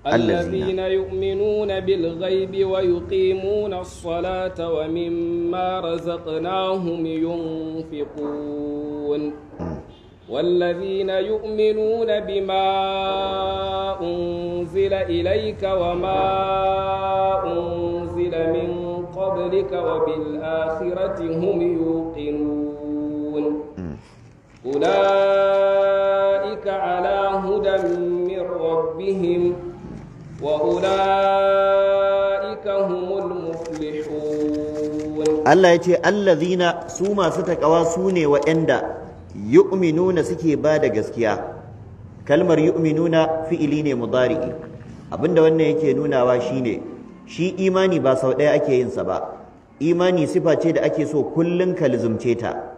الذين يؤمنون بالغيب ويقيمون الصلاة ومما رزقناهم ينفقون والذين يؤمنون بما أنزل إليك وما أنزل من قبلك وبالآخرة هم يوقنون أولئك على هدى من ربهم وأولئك هم المفلحون الله يتي الذين سوما ستكوا سوني وإندا yu'minuna suke ba da gaskiya kalmar yu'minuna fi'ili ne mudari'i abinda wannan yake nunawa shine shi imani ba sau ɗaya ake yin sa ba imani sifa ce da ake so kullun ka lizumce ta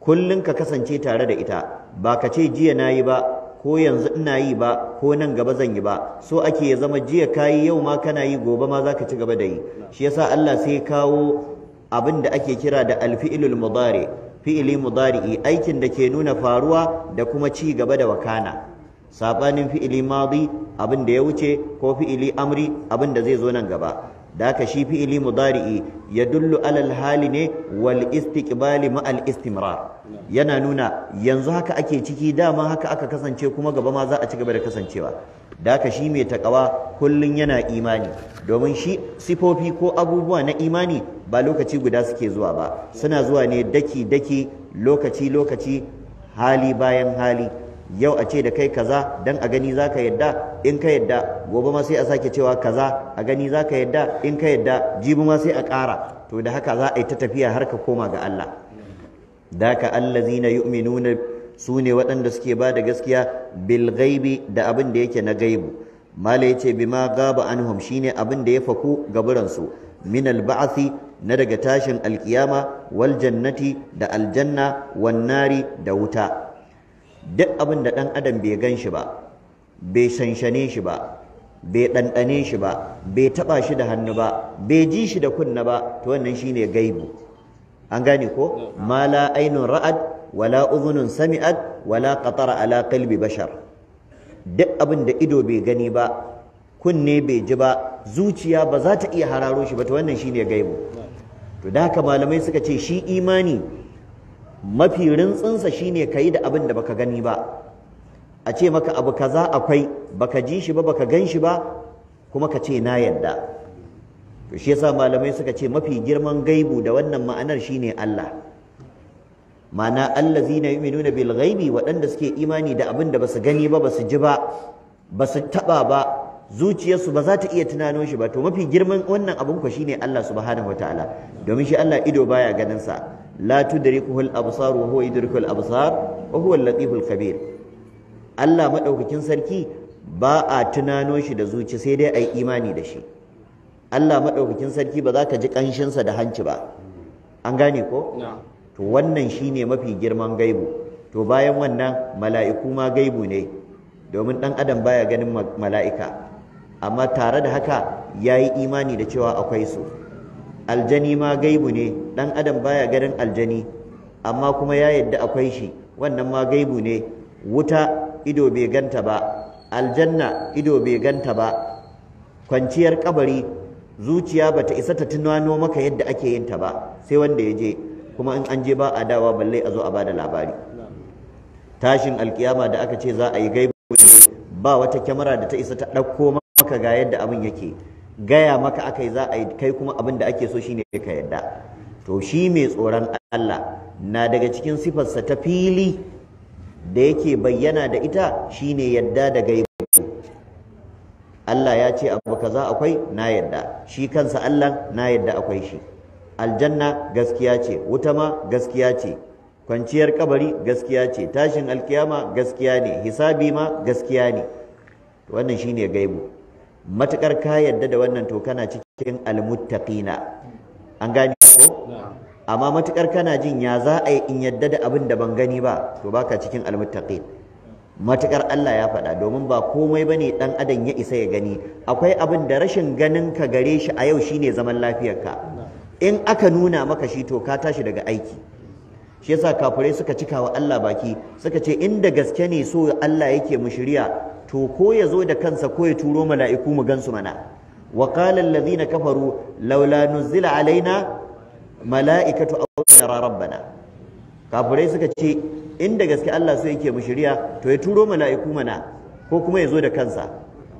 kullun ka kasance tare da ita ba ka ce jiya nayi ba ko yanzu ina yi ba ko nan gaba zan yi ba so ake ya zama jiya kayi yau ma kana yi gobe ma zaka ci gaba da yi shi yasa Allah sai kawo abinda da ake kira da alfi'ilul mudari' fi'ili mudari'i aikin da ke nuna faruwa da kuma ci gaba da wakana sabanin fi'ili madi abin da ya wuce ko fi'ili amri abin da zai zo nan gaba daka shi fi'ili mudari'i ya dullu alal hali ne wal istiqbali ma al istimrar yana nuna yanzu haka ake ciki dama haka aka kasance kuma gaba ma za a ci gaba da kasancewa daka shi mai takawa kullum yana imani domin shi sifofi ko abubuwa na imani ba lokaci guda suke zuwa ba suna zuwa ne daki daki lokaci lokaci hali bayan hali yau a ce da kai kaza dan a gani zaka yadda in ka yadda gobe ma sai a sake cewa kaza a gani zaka yadda in ka yadda jibi ma sai a ƙara to da haka za a yi ta tafiya har ka koma ga Allah daka allazina yu'minuna su ne waɗanda suke ba da gaskiya bilgaibi da abin da yake na gaibu mala ce bima gaba anhum shine abin da ya faku ga buransu min ba'asi na daga tashin alkiyama wal jannati da aljanna wannari da wuta duk abin da dan adam bai gan shi ba bai shanshane shi ba bai ɗanɗane shi ba bai taɓa shi da hannu ba bai ji shi da kunna ba to wannan shine gaibu an gane ko mala ainun ra'ad wala udhunun sami'at wala qatara ala bashar duk abin da ido bai gani ba kunne bai ji ba zuciya ba za ta iya hararo shi ba ta wannan shine gaibu to da haka malamai suka ce shi imani mafi rintsinsa shine kayi da abin da baka gani ba a ce maka abu kaza akwai baka ji shi ba baka gan shi ba kuma ka ce na yadda to shi yasa malamai suka ce mafi girman gaibu da wannan ma'anar shine Allah ma'ana allazina yu'minuna bil ghaibi waɗanda suke imani da abin da basu gani ba basu ji ba basu taba ba zuciyarsu ba za ta iya tunano shi ba to mafi girman wannan abin ku ne Allah subhanahu wataala domin shi Allah ido baya ganin sa la tudrikuhu al absar wa huwa yudrikul absar wa huwa al latiful khabir Allah madaukakin sarki ba a tunano shi da zuci sai dai ai imani da shi Allah madaukakin sarki ba za ka ji kanshin sa da hanci ba an gane ko na'am to wannan shine mafi girman gaibu to bayan wannan mala'iku ma gaibu ne domin dan adam baya ganin mala'ika amma tare da haka yayi imani da cewa akwai su aljani ma gaibu ne dan adam baya ganin aljani amma kuma ya yadda akwai shi wannan ma gaibu ne wuta ido bai ganta ba aljanna ido bai ganta ba kwanciyar kabari zuciya bata isa ta tunano maka yadda ake yin ta ba sai wanda ya je kuma in an je ba a dawa balle a zo a bada labari tashin alkiyama da aka ce za a yi gaibu ba wata kyamara da ta isa ta ɗauko maka ga yadda abin yake gaya maka aka yi za a yi kai kuma abin da ake so shine ka yadda to shi mai tsoron Allah na daga cikin sifarsa ta fili da yake bayyana da ita shine yadda da gaibu Allah ya ce abu kaza akwai na yadda shi kansa Allah na yadda akwai shi aljanna gaskiya ce wuta ma gaskiya ce kwanciyar kabari gaskiya ce tashin alkiyama gaskiya ne hisabi ma gaskiya ne wannan shine gaibu matukar ka yadda da wannan to kana cikin almuttaqina an gane ko amma matukar kana jin ya za a yi in yadda da abin da ban gani ba to baka cikin almuttaqin matukar Allah ya faɗa domin ba komai bane dan adam ya isa ya gani akwai abin da rashin ganin ka gare shi a yau shine zaman lafiyar ka. in aka nuna maka shi to ka tashi daga aiki shi yasa kafirai suka cika wa Allah baki suka ce inda gaske ne so Allah yake mu shirya to ko ya zo da kansa ko ya turo mala'iku mu gansu mana wa qala allazina kafaru laula nuzila alaina mala'ikatu aw nara rabbana kafirai suka ce inda gaske Allah so yake mu shirya to ya turo mala'iku mana ko kuma ya zo da kansa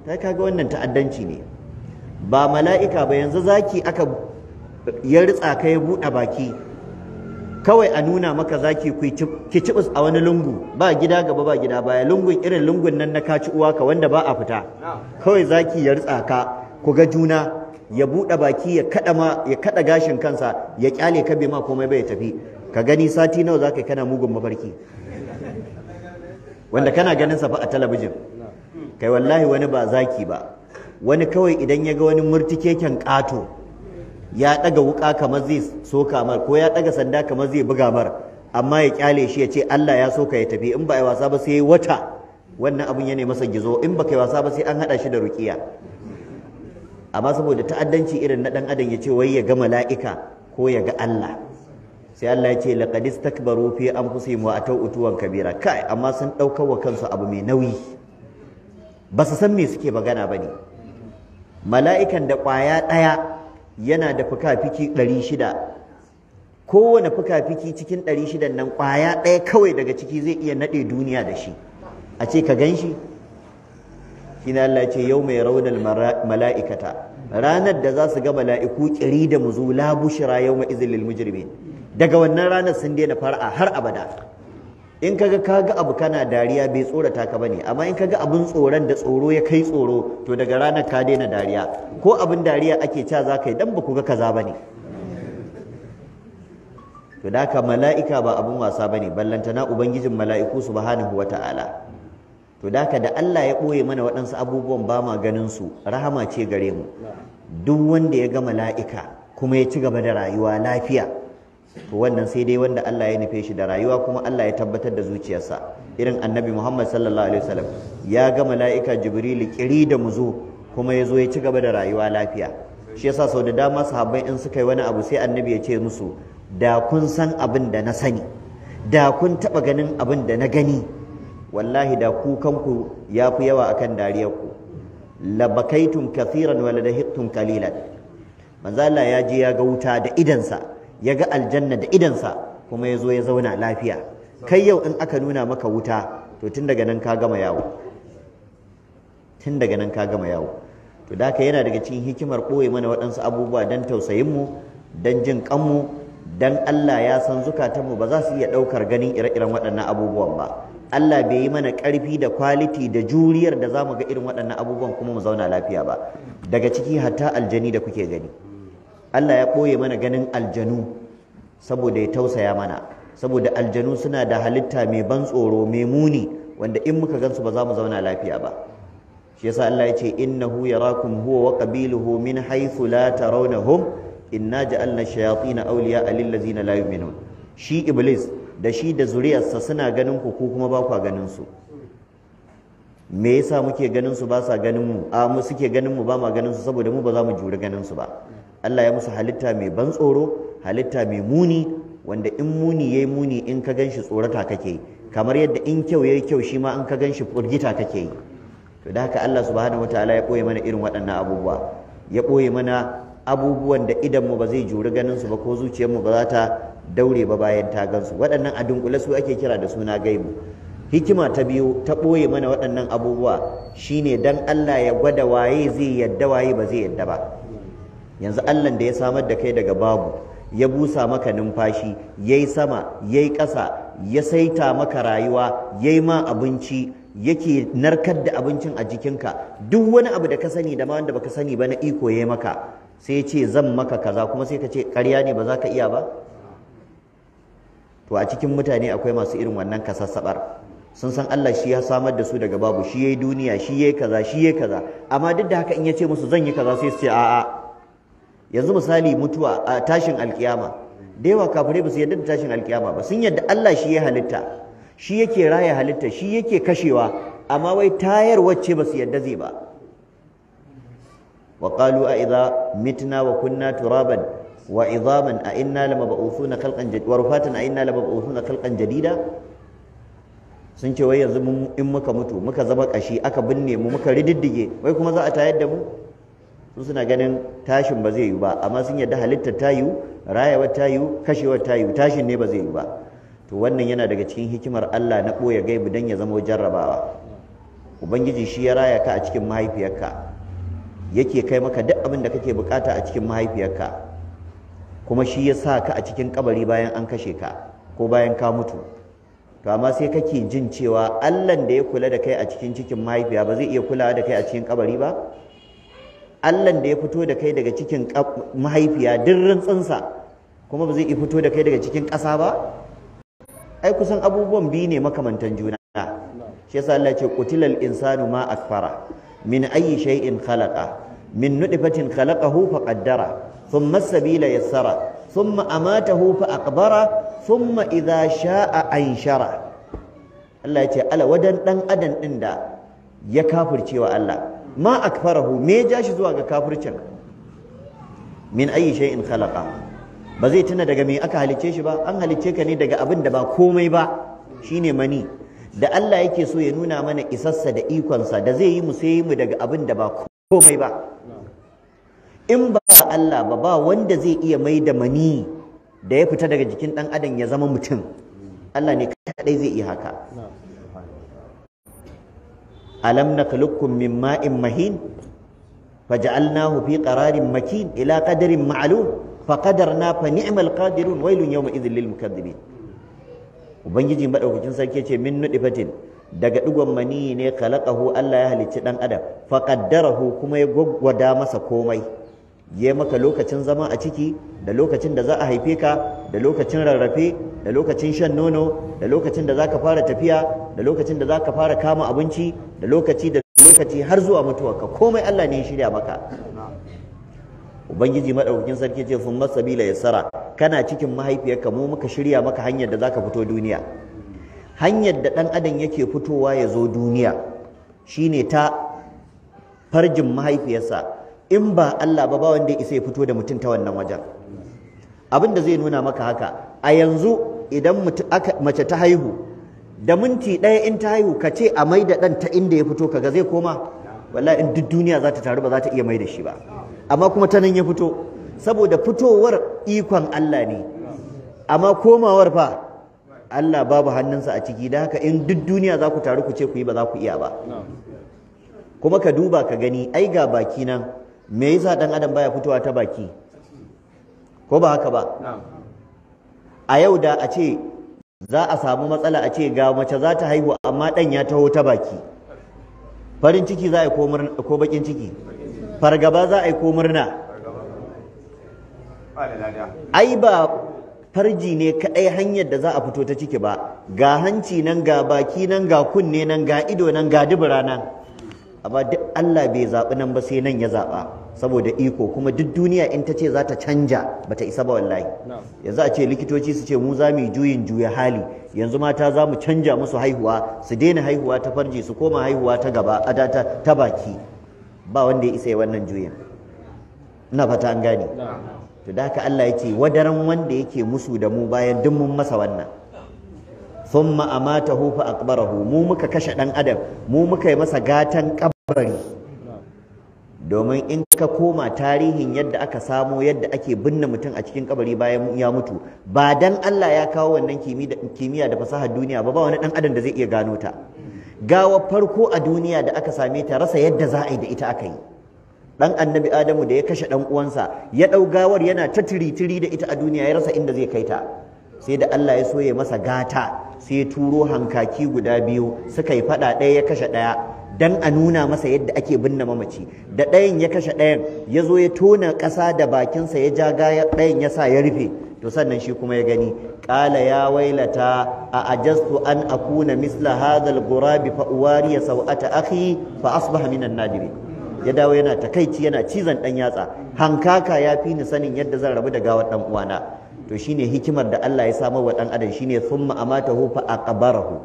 ta kaga wannan ta'addanci ne ba mala'ika ba yanzu zaki aka ya ritsa ka ya buɗe baki kawai a nuna maka zaki ku cibus a wani lungu ba gida gaba ba gida baya lungun irin lungun nan na kaci uwa ka wanda ba a fita kawai zaki ya ritsa ka ku ga juna ya buɗe baki ya kada gashin kansa ya kyale ka ma komai bai tafi ka gani sati nawa zaka kana mugun mafarki wanda kana ganin sa fa a talabijin kai wallahi wani ba zaki ba wani kawai idan ya ga wani murtikeken kato ya ɗaga wuƙa kamar zai soka mar ko ya ɗaga sanda kamar zai buga mar amma ya kyale shi ya ce Allah ya soka ya tafi in ba ai wasa ba sai wata wannan abun ya ne masa gizo in ba kai wasa ba sai an haɗa shi da ruƙiya amma saboda ta'addanci irin na ɗan adam ya ce wai ya ga mala'ika ko ya ga Allah sai Allah ya ce laqad istakbaru fi anfusihim wa ataw utuwan kabira kai amma sun ɗaukar wa kansu abu mai nauyi ba su san me suke magana ba ne mala'ikan da kwaya ɗaya yana da fuka-fiki ɗari shida kowane fuka-fiki cikin ɗari shidan nan kwaya ɗaya kawai daga ciki zai iya naɗe duniya da shi a ce ka gan shi shi na Allah ce yau mai raunar mala'ikata ranar da za su ga mala'iku ƙiri da muzula bushira yau ma izilil mujrimin daga wannan ranar sun daina fara'a har abada in kaga kaga abu kana dariya bai tsorata ka bane amma in kaga abun tsoron da tsoro ya kai tsoro to daga ranar ka daina dariya ko abin dariya ake ca za ka yi dan ba ku ga kaza bane to da ka mala'ika ba abin wasa ba bane ballantana ubangijin mala'iku subhanahu wata'ala to da ka da Allah ya ɓoye mana waɗansu abubuwan ba ma ganin su rahama ce gare mu duk wanda ya ga mala'ika kuma ya ci gaba da rayuwa lafiya to wannan sai dai wanda Allah ya nufe shi da rayuwa kuma Allah ya tabbatar da zuciyarsa irin annabi Muhammad sallallahu alaihi wasallam ya ga mala'ika Jibril kiri da muzo kuma ya zo ya ci gaba da rayuwa lafiya shi yasa sau da dama sahabbai in suka yi wani abu sai annabi ya ce musu da kun san abin da na sani da kun taba ganin abin da na gani wallahi da ku kanku yafi yawa akan dariyar ku. labakaitum kathiran wa ladahittum qalilan manzo Allah ya je ya ga wuta da idansa ya ga aljanna da idansa kuma ya zo ya zauna lafiya kai yau in aka nuna maka wuta to tun daga nan ka gama yawo tun daga nan ka gama yawo to da haka yana daga cikin hikimar ɓoye mana waɗansu abubuwa don tausayinmu don jin kanmu don Allah ya san zukatanmu ba za su iya ɗaukar ganin ire-iren waɗannan abubuwan ba Allah bai yi mana ƙarfi da kwaliti da juriyar da za mu ga irin waɗannan abubuwan kuma mu zauna lafiya ba daga ciki hatta aljani da kuke gani Allah ya ɓoye mana ganin aljanu saboda ya tausaya mana saboda aljanu suna da halitta mai ban tsoro mai muni wanda in muka gansu ba za mu zauna lafiya ba shi yasa Allah ya ce innahu yarakum huwa wa qabiluhu min haythu la tarawnahum inna ja'alna shayatin awliya lil zina la yu'minun shi iblis da shi da zuriyarsa suna ganin ku ko kuma ba ku ganin su me yasa muke ganin su ba sa ganin mu a mu suke ganin mu ba ma ganin su saboda mu ba za mu juri ganin su ba Allah ya musu halitta mai ban tsoro halitta mai muni wanda in muni yayi muni in ka ganshi tsorata kake kamar yadda in kyau yayi kyau shi ma in ka gan shi furgita kake yi to da haka Allah subhanahu wataala ya koye mana irin waɗannan abubuwa ya koye mana abubuwan da idan mu ba zai juri ganin su ba ko zuciyar mu ba za ta daure ba bayan ta gan su. waɗannan a dunkule su ake kira da suna gaibu hikima ta biyu ta ɓoye mana waɗannan abubuwa shine dan Allah ya gwada waye zai yadda waye ba zai yadda ba yanzu Allah da ya samar da kai daga babu ya busa maka numfashi yayi sama yayi ƙasa ya saita maka rayuwa yayi ma abinci yake narkar da abincin a jikinka duk wani abu da ka sani da ma wanda baka sani ba na iko yayi maka sai ce zan maka kaza kuma sai ka ce ƙarya ne ba za ka iya ba to a cikin mutane akwai masu irin wannan kasassabar sun san Allah shi ya samar da su daga babu shi yayi duniya shi yayi kaza shi yayi kaza amma duk da haka in ya ce musu zan yi kaza sai su ce a'a yanzu misali mutuwa a tashin alkiyama da yawa kafirai ba su yadda da tashin alkiyama ba sun yadda Allah shi ya halitta shi yake raya halitta shi yake kashewa amma wai tayar wacce ba su yadda zai ba wa qalu a idza mitna wa kunna turaban wa idhaman a inna lamab'uthuna khalqan jadida wa rufatan a inna lamab'uthuna khalqan jadida sun ce wai yanzu in muka mutu muka zama kashi aka binne mu muka rididdige wai kuma za a tayar da mu sun suna ganin tashin ba zai yi ba amma sun yadda halittar ta yi rayawar ta yi kashewar ta yi tashin ne ba zai yi ba to wannan yana daga cikin hikimar Allah na ɓoye gaibu don ya zama jarrabawa ubangiji shi ya raya ka a cikin mahaifiyarka yake kai maka duk abin da kake bukata a cikin mahaifiyarka kuma shi ya sa ka a cikin kabari bayan an kashe ka ko bayan ka mutu to amma sai kake jin cewa Allah da ya kula da kai a cikin cikin mahaifiya ba zai iya kulawa da kai a cikin kabari ba Allahn da ya fito da kai daga cikin mahaifiya duk rintsinsa kuma ba zai iya fito da kai daga cikin ƙasa ba ai kusan abubuwan biyu ne makamantan juna shi yasa Allah ce qutilal insanu ma akfara min ayyi shay'in khalaqa min nudfatin khalaqahu fa qaddara thumma sabila yassara thumma amatahu fa aqbara thumma idha sha'a anshara Allah ya ce ala wadan dan adam din da ya kafircewa Allah ma akfarahu me ya shi zuwa ga kafircin min ayi shay'in khalaqa ba zai tuna daga me aka halicce shi ba an halicce ka ne daga abin da ba komai ba shine mani da Allah yake so ya nuna mana isassa da ikonsa da zai yi mu sai mu daga abin da ba komai ba in ba Allah ba ba wanda zai iya mai da mani da ya fita daga jikin dan adam ya zama mutum Allah ne kadai zai iya haka alam nakhluqukum min ma'in mahin faj'alnahu fi kararin makin ila qadarin ma'lum faqadarna fa ni'mal qadirun wailun yawma idhil lil mukaththibin ubangiji madaukakin sarki ce min nudifatin daga digon mani ne khalaqahu Allah ya halicci dan adam faqaddarahu kuma ya gwaggwada masa komai ya maka lokacin zama a ciki da lokacin da za a haife ka da lokacin rarrafe da lokacin shan nono da lokacin da za ka fara tafiya da lokacin da za ka fara kama abinci da lokaci da lokaci har zuwa mutuwarka komai Allah ne ya shirya maka ubangiji madaukakin sarki ce sun masabila yassara kana cikin mahaifiyarka mu muka shirya maka hanyar da za ka fito duniya hanyar da dan adam yake fitowa ya zo duniya shine ta farjin mahaifiyarsa in ba Allah ba ba wanda ya isa ya fito da mutum ta wannan wajen abin da zai nuna maka haka a yanzu idan mace ta haihu da minti ɗaya in ta haihu ka ce a mai da ɗan ta inda ya fito kaga zai koma wallahi in duk duniya za ta taru ba za ta iya mai da shi ba amma kuma ta nan ya fito saboda fitowar ikon Allah ne amma komawar fa Allah babu hannunsa a ciki da haka in duk duniya za ku taru ku ce ku yi ba za ku iya ba kuma ka duba ka gani ai ga baki nan me yasa ɗan adam baya fitowa ta baki ko ba haka ba a yau da a ce za a samu matsala a ce ga mace za ta haihu amma ɗan ya taho ta baki farin ciki za a yi ko bakin ciki fargaba za a yi ko murna ai ba farji ne kaɗai hanyar da za a fito ta ciki ba ga hanci nan ga baki nan ga kunne nan ga ido nan ga dubura nan amma duk Allah bai zaɓi nan ba sai nan ya zaɓa saboda iko kuma duk duniya in ta ce za ta canja ba ta isa ba wallahi yanzu a ce likitoci su ce mu za mu juyin juya hali yanzu mata za mu canja musu haihuwa su daina haihuwa ta farji su koma haihuwa ta gaba a ta baki ba wanda ya isa wannan juyin ina fata an gane to da haka Allah ya ce wadaran wanda yake musu da mu bayan duk mun masa wannan thumma amatahu fa aqbarahu mu muka kashe dan adam mu muka yi masa gatan kabari domin in ka koma tarihin yadda aka samo yadda ake binne mutum a cikin kabari bayan ya mutu ba dan Allah ya kawo wannan kimiyya da fasahar duniya ba ba wani dan adam da zai iya gano ta gawa farko a duniya da aka same ta rasa yadda za a yi da ita aka yi dan annabi adamu da ya kashe dan uwansa ya dau gawar yana ta tiri da ita a duniya ya rasa inda zai kai ta sai da Allah ya soye masa gata sai ya turo hankaki guda biyu suka yi fada ɗaya ya kashe ɗaya dan a nuna masa yadda ake binne mamaci da ɗayan ya kashe ɗayan ya zo ya tona ƙasa da bakinsa ya ja gaya ɗayan ya sa ya rufe to sannan shi kuma ya gani ƙala ya wailata a ajastu an akuna misla hadhal gurabi fa uwariya sau'ata akhi fa asbaha minan nadiri ya dawo yana takaici yana cizon ɗan yatsa hankaka ya fi ni sanin yadda zan rabu da gawar ɗan uwana to shine hikimar da Allah ya samar wa dan adam shine thumma amatahu fa aqbarahu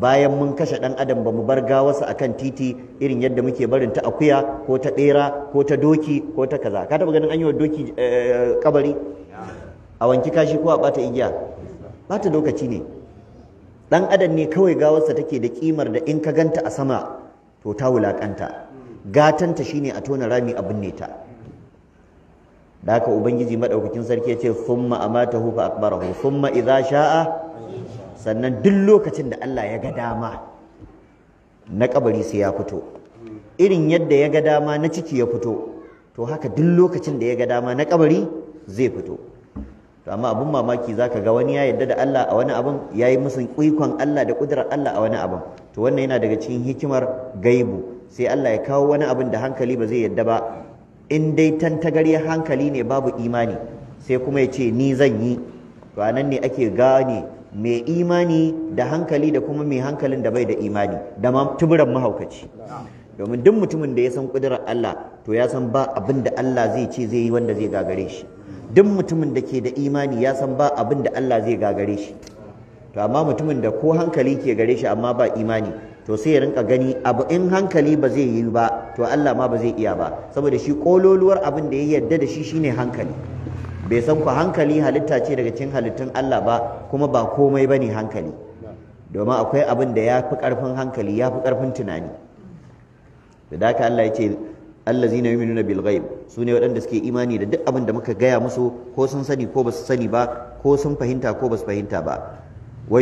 bayan mun kashe dan adam bamu bar gawarsa akan titi irin yadda muke barin ta akuya ko ta dera ko ta doki ko ta kaza ka taba ganin an yi wa doki eh, kabari a wanki kashi ko a bata igiya bata lokaci ne dan adam ne kawai gawarsa take da kimar da in ka ganta a sama to ta wulakanta gatanta shine a tona rami a binne ta da haka ubangiji madaukakin sarki yace thumma amatahu fa akbarahu thumma idza sha'a sannan duk lokacin da Allah ya ga dama na kabari sai ya fito irin yadda ya ga dama na ciki ya fito to haka duk lokacin da ya ga dama na kabari zai fito to amma abun mamaki zaka ga wani ya yadda da Allah a wani abun yayi musu kuikon Allah da kudurar Allah a wani abun to wannan yana daga cikin hikimar gaibu sai Allah ya kawo wani abun da hankali ba zai yadda ba in dai tantagarya hankali ne babu imani sai kuma ya ce ni zan yi to anan ne ake gane mai imani da hankali da kuma mai hankalin da bai da imani da ma tuburan mahaukaci domin duk mutumin da ya san kudurar Allah to ya san ba abin da Allah zai ce zai yi wanda zai gagare shi duk mutumin da ke da imani ya san ba abin da Allah zai gagare shi to amma mutumin da ko hankali ke gare shi amma ba imani to sai ya rinka gani abu in hankali ba zai yi ba to Allah ma ba zai iya ba saboda shi kololuwar abin da ya yadda da shi shine hankali bai san ku hankali halitta ce daga cikin halittun Allah ba kuma ba komai bane hankali domin akwai abin da ya fi ƙarfin hankali ya fi ƙarfin tunani da haka Allah ya ce allazina yu'minuna bil ghaib ne waɗanda suke imani da duk abin da muka gaya musu ko sun sani ko ba su sani ba ko sun fahimta ko ba su fahimta ba wa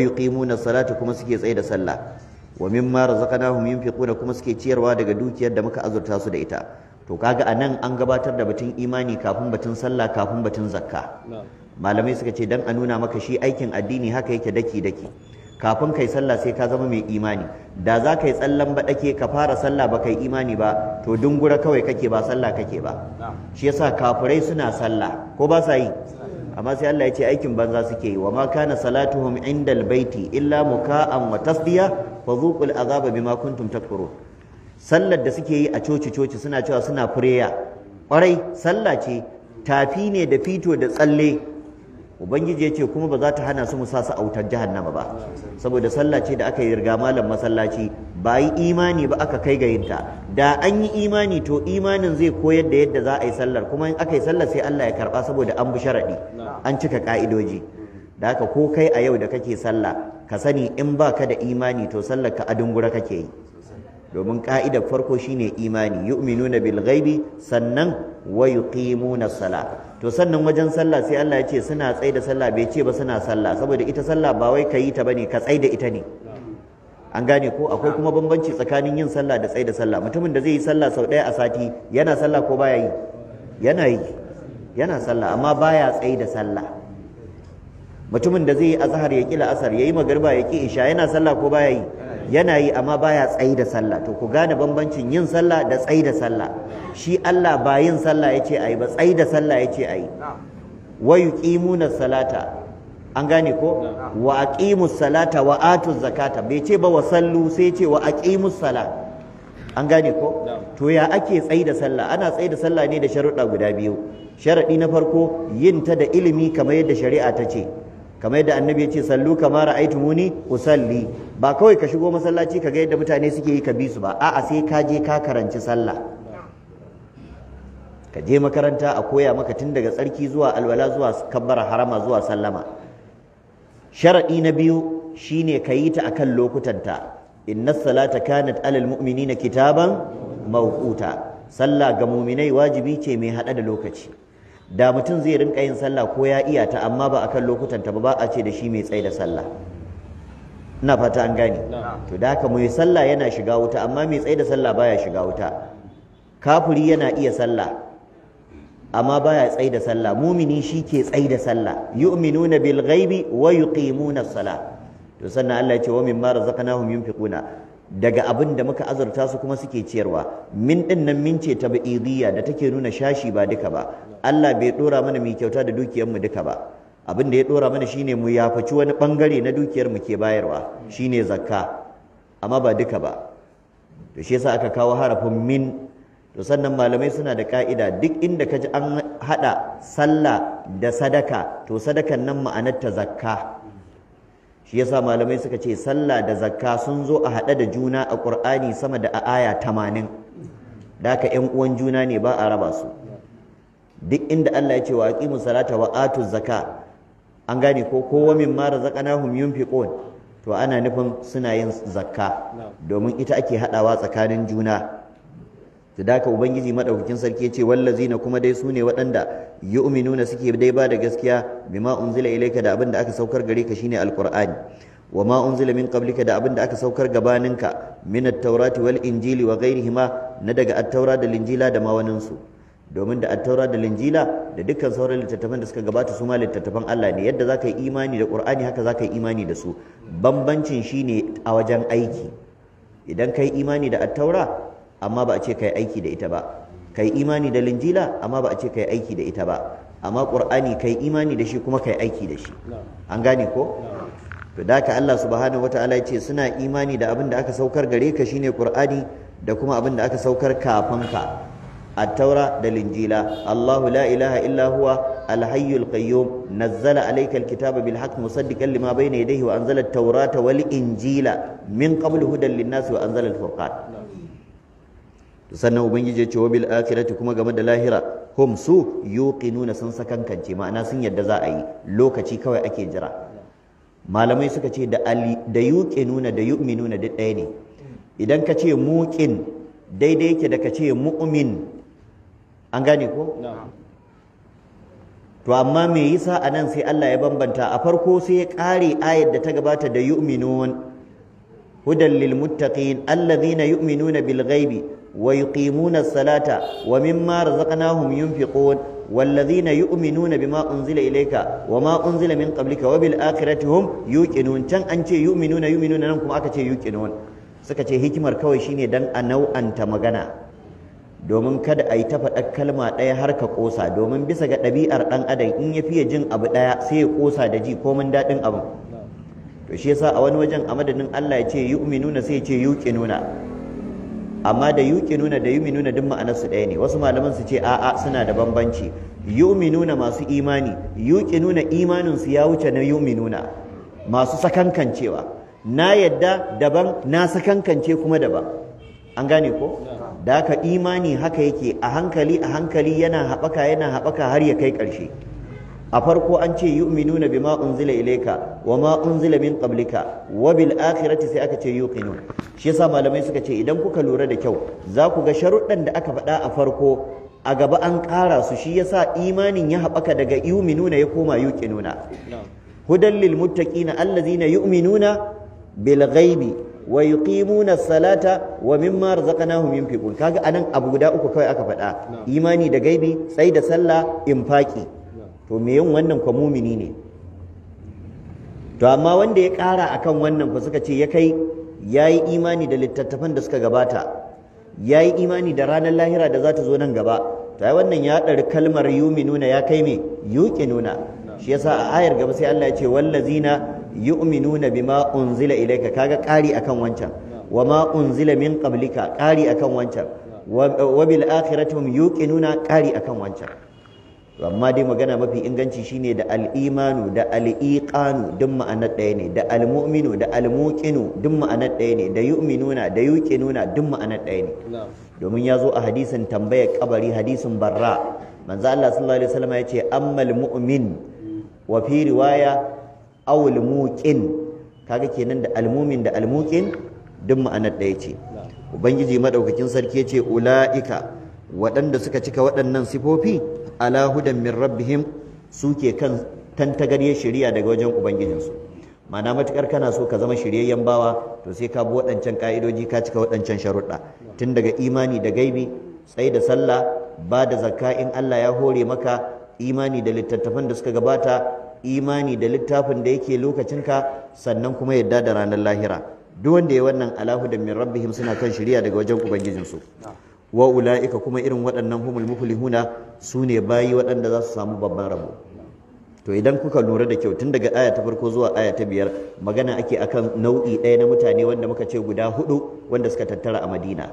na salatu kuma suke tsaye da sallah wa mimma razaqnahum yunfiquna kuma suke ciyarwa daga dukiyar da muka azurta su da ita to kaga anan an gabatar da batun imani kafin batun sallah kafin batun zakka malamai suka ce dan a nuna maka shi aikin addini haka yake daki daki kafin kai sallah sai ka zama mai imani da za ka yi tsallan ba dake ka fara sallah ba kai imani ba to dungura kawai kake ba sallah kake ba shi yasa kafirai suna sallah ko ba sa yi amma sai Allah ya ce aikin banza suke yi wa ma kana salatuhum indal baiti illa muka'an wa tasdiya fazuqul azaba bima kuntum takfurun sallar da suke yi a coci coci suna cewa suna fureya kwarai sallah ce tafi ne da fito da tsalle ubangiji yace kuma ba za ta hana su musa su autar jahannama ba saboda sallah ce da aka yi riga malam masallaci ba yi imani ba aka kai ga yinta da an yi imani to imanin zai koyar da yadda za a yi sallar kuma in aka yi sallar sai Allah ya karba saboda an bi sharadi an cika ka'idoji da haka ko kai a yau da kake sallah ka sani in ba ka da imani to sallar ka adungura kake yi domin ka'idar farko shine imani yu'minuna bil ghaibi sannan wa yuqimuna sala to sannan wajen sallah sai Allah ya ce suna da sallah bai ce ba suna sallah saboda ita sallah ba wai ka yi ta bane ka da ita ne an gane ko akwai kuma bambanci tsakanin yin sallah da da sallah mutumin da zai yi sallah sau ɗaya a sati yana sallah ko baya yi yana yi yana sallah amma baya tsaida sallah mutumin da zai yi azhar ya kila asar yayi magarba ya ki isha yana sallah ko baya yi yana yi amma baya tsayi da sallah to ku gane bambancin yin sallah da tsayi da sallah shi Allah ba yin sallah yace ayi ba tsayi da sallah yace ayi wa yuqimuna salata an gane ko wa aqimus salata wa atuz zakata bai ce ba wa sallu sai ce wa aqimus salat an gane ko to ya ake tsayi da sallah ana tsayi da sallah ne da sharuɗa guda biyu sharaɗi na farko yin ta da ilimi kamar yadda shari'a ta ce kamar yadda annabi ya ce sallu kamar muni usalli ba kawai ka shigo masallaci ka ga yadda mutane suke yi ka bi su ba a'a sai ka je ka karanci sallah ka je makaranta a koya maka tun daga tsarki zuwa alwala zuwa kabbara harama zuwa sallama sharadi na biyu shine ka yi ta akan lokutanta inna salata kanat alal mu'minina kitaban mawquta sallah ga mu'minai wajibi ce mai hada da lokaci da mutum zai rinka yin sallah ko ya iya ta amma ba a kan lokutan ta ba a ce da shi mai tsaye da sallah ina fata an gane to da haka mai sallah yana shiga wuta amma mai tsaye da sallah baya shiga wuta kafiri yana iya sallah amma baya tsaye da sallah mumini shi ke tsaye da sallah yu'minuna bil ghaibi wa yuqimuna as-salah to sannan Allah ya ce wa mimma razaqnahum yunfiquna daga abin da muka azurta su kuma suke ciyarwa min din nan min ce tabi'idiyya da take nuna shashi ba duka ba Allah bai dora mana mu kyauta da dukiyar mu duka ba abin da ya dora mana shine mu yafaci wani bangare na dukiyar mu ke bayarwa shine zakka amma ba duka ba to shi yasa aka kawo harafin min to sannan malamai suna da ka'ida duk inda ka ji an hada sallah da sadaka to sadakan nan ma'anar ta zakka shi yasa malamai suka ce sallah da zakka sun zo a hada da juna a Qur'ani sama da a aya 80 da haka ƴan uwan juna ne ba a raba su duk inda Allah ya ce wa aqimus salata wa atuz zaka an gane ko kowa mimma razaqnahum yunfiqun to ana nufin suna yin zakka domin ita ake hadawa tsakanin juna to daka ubangiji madaukakin sarki ya ce wallazina kuma dai sune waɗanda yu'minuna suke dai ba da gaskiya bima unzila ilayka da abin aka saukar gare ka shine alqur'ani wa ma unzila min qablika da abinda aka saukar gabaninka min at-taurati wal injili wa ghayrihima na daga at da linjila da ma domin da attaura da linjila da dukkan sauran littattafan da suka gabata su ma littattafan Allah ne yadda ka yi imani da Qur'ani haka zaka yi imani da su bambancin shine a wajen aiki idan kai imani da attaura amma ba a ce kai aiki da ita ba kai imani da linjila amma ba a ce kai aiki da ita ba amma Qur'ani kai imani da shi kuma kai aiki da shi an gane ko to da ka Allah subhanahu wataala ya ce suna imani da abin da aka saukar gare ka shine Qur'ani da kuma abin da aka saukar kafin ka التوراة للإنجيلا الله لا إله إلا هو الحي القيوم نزل عليك الكتاب بالحق مصدقا لما بين يديه وأنزل التوراة والإنجيل من قبل هدى للناس وأنزل الفرقان sannan ubangiji ya ce wa bil kuma game da lahira hum su yuqinuna sun sakankance ma'ana sun yadda za yi lokaci kawai ake jira malamai suka ce da ali da da yu'minuna duk ɗaya ne idan kace ce daidai yake da ce mu'min an gane ko to amma me yasa anan sai Allah ya bambanta a farko sai ya kare ayar da ta gabata da yu'minun hudan lil muttaqin alladhina yu'minuna bil ghaibi wa yuqimuna as-salata wa mimma razaqnahum yunfiqun والذين يؤمنون بما أنزل إليك وما أنزل من قبلك وبالآخرة هم يوقنون تن أنت يؤمنون يؤمنون نكم أكتي يوقنون سكتي هكمر كوي دن أنو أنت مغنى domin kada a yi ta faɗar kalma ɗaya har ka ƙosa domin bisa ga ɗabi'ar ɗan adam in ya fiye jin abu ɗaya sai ya ƙosa da ji komin daɗin abin to shi yasa a wani wajen a madadin Allah ya ce nuna sai ya ce nuna. amma da nuna da nuna duk ma'anar su ɗaya ne wasu malaman su ce a'a suna da bambanci nuna masu imani nuna imanin su ya wuce na nuna. masu sakankancewa na yadda daban na sakankance kuma daban an gane ko da haka imani haka yake a hankali a hankali yana haɓaka yana haɓaka har ya kai ƙarshe a farko an ce yu'minuna bima unzila ilayka wa ma unzila min qablika wa bil akhirati sai aka ce yuqinun shi yasa malamai suka ce idan kuka lura da kyau za ku ga sharuɗan da aka faɗa a farko a gaba an ƙara su shi yasa imanin ya haɓaka daga yu'minuna ya koma yuqinuna hudan lil muttaqina allazina yu'minuna bil ghaibi wa yuqimuna salata wa mimma razaqnahum yunfiqun kaga anan abu guda uku kawai aka faɗa imani da gaibi sai da sallah infaki to me yin wannan kwa mumini ne to amma wanda ya ƙara akan wannan ku suka ce ya kai yayi imani da littattafan da suka gabata yayi imani da ranar lahira da za ta zo nan gaba to ai wannan ya ɗari kalmar yuminuna ya kai me yuqinuna shi yasa a ayar gaba sai Allah ya ce wallazina yu'minuna bima unzila ilayka kaga ƙari akan wancan wa ma unzila min qablika ƙari akan wancan wa bil akhirati yuqinuna ƙari akan wancan amma dai magana mafi inganci shine da al-imanu da al-iqanu duk ma'anar ɗaya ne da al-mu'minu da al-muqinu duk ma'anar ɗaya ne da yu'minuna da yuqinuna duk ma'anar ɗaya ne domin ya zo a hadisin tambayar kabari hadisin barra manzo Allah sallallahu alaihi wasallam ya ce ammal mu'min wa fi riwaya awul kaga kenan da almumin da almuqin duk ma'anar ɗaya ce ubangiji madaukakin sarki yace ulaika waɗanda suka cika waɗannan sifofi ala hudan min rabbihim suke kan tantagarye shari'a daga wajen ubangijinsu ma'ana matukar kana so ka zama shiryayyen bawa to sai ka bi waɗancan ka'idoji ka cika waɗancan sharuɗa tun daga imani da gaibi tsaye da sallah ba da zakka in Allah ya hore maka imani da littattafan da suka gabata imani da littafin da yake lokacinka sannan kuma yadda da ranar lahira duk wanda ya wannan alahu da min rabbihim suna kan shirya daga wajen ubangijinsu wa ula'ika kuma irin waɗannan humul muflihuna su ne bayi waɗanda za su samu babban rabo to idan kuka lura da kyau tun daga aya ta farko zuwa aya ta biyar magana ake akan nau'i ɗaya na mutane wanda muka ce guda hudu wanda suka tattara a madina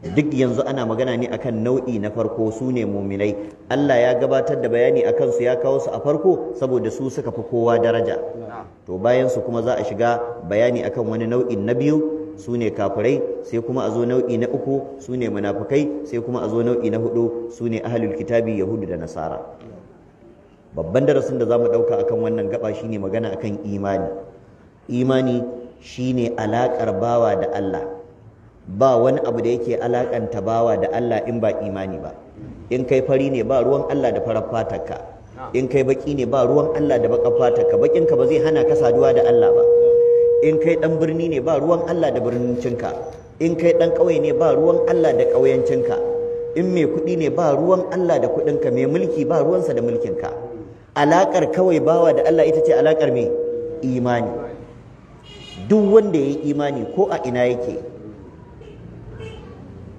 duk yanzu ana magana ne akan nau'i na farko su ne muminai Allah ya gabatar da bayani a kansu ya kawo su a farko saboda su suka fi kowa daraja to bayan su kuma za a shiga bayani akan wani nau'i na biyu su ne kafirai sai kuma a zo nau'i na uku su ne munafukai sai kuma a zo nau'i na hudu su ne ahlul kitabi yahudu da nasara babban darasin da za mu ɗauka akan wannan gaba shine magana akan imani imani shine alakar bawa da Allah ba wani abu da yake alakanta bawa da Allah in ba imani ba in kai fari ne ba ruwan Allah da farar fatarka in kai baki ne ba ruwan Allah da bakar fatarka ka ba zai hana ka saduwa da Allah ba in kai dan birni ne ba ruwan Allah da birnincinka in kai dan ƙauye ne ba ruwan Allah da ƙauyencinka in mai kuɗi ne ba ruwan Allah da kuɗinka mai mulki ba ruwansa da mulkinka Alakar kawai bawa da Allah ita ce alakar mai imani duk wanda ya yi imani ko a ina yake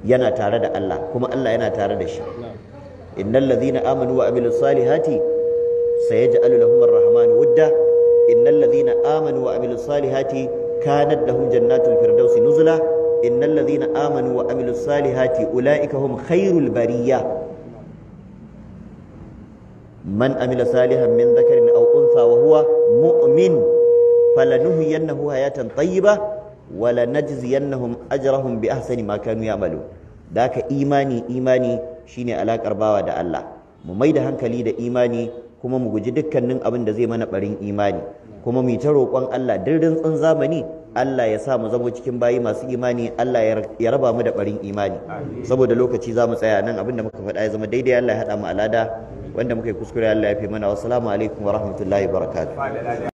yana tare da Allah kuma Allah yana tare da shi innal ladhina amanu wa amilus salihati sayaj'alu lahum wudda innal ladhina amanu wa amilus salihati kanat lahum jannatul firdausi nuzula innal ladhina amanu wa amilus salihati ulaika hum khairul bariyya man salihan min dhakarin aw untha wa huwa mu'min falanuhyiyannahu hayatan wala najziyannahum ajrahum bi ahsani ma kanu ya'malu daka imani imani shine alakar bawa da Allah mu mai da hankali da imani kuma mu guji dukkanin abin da zai mana barin imani kuma mu ta roƙon Allah dirdin tsin zamani Allah ya sa mu zamo cikin bayi masu imani Allah ya raba mu da barin imani saboda lokaci za mu tsaya nan abin da muka faɗa ya zama daidai Allah ya haɗa mu alada wanda muka yi kuskure Allah ya fi mana wassalamu alaikum wa rahmatullahi wa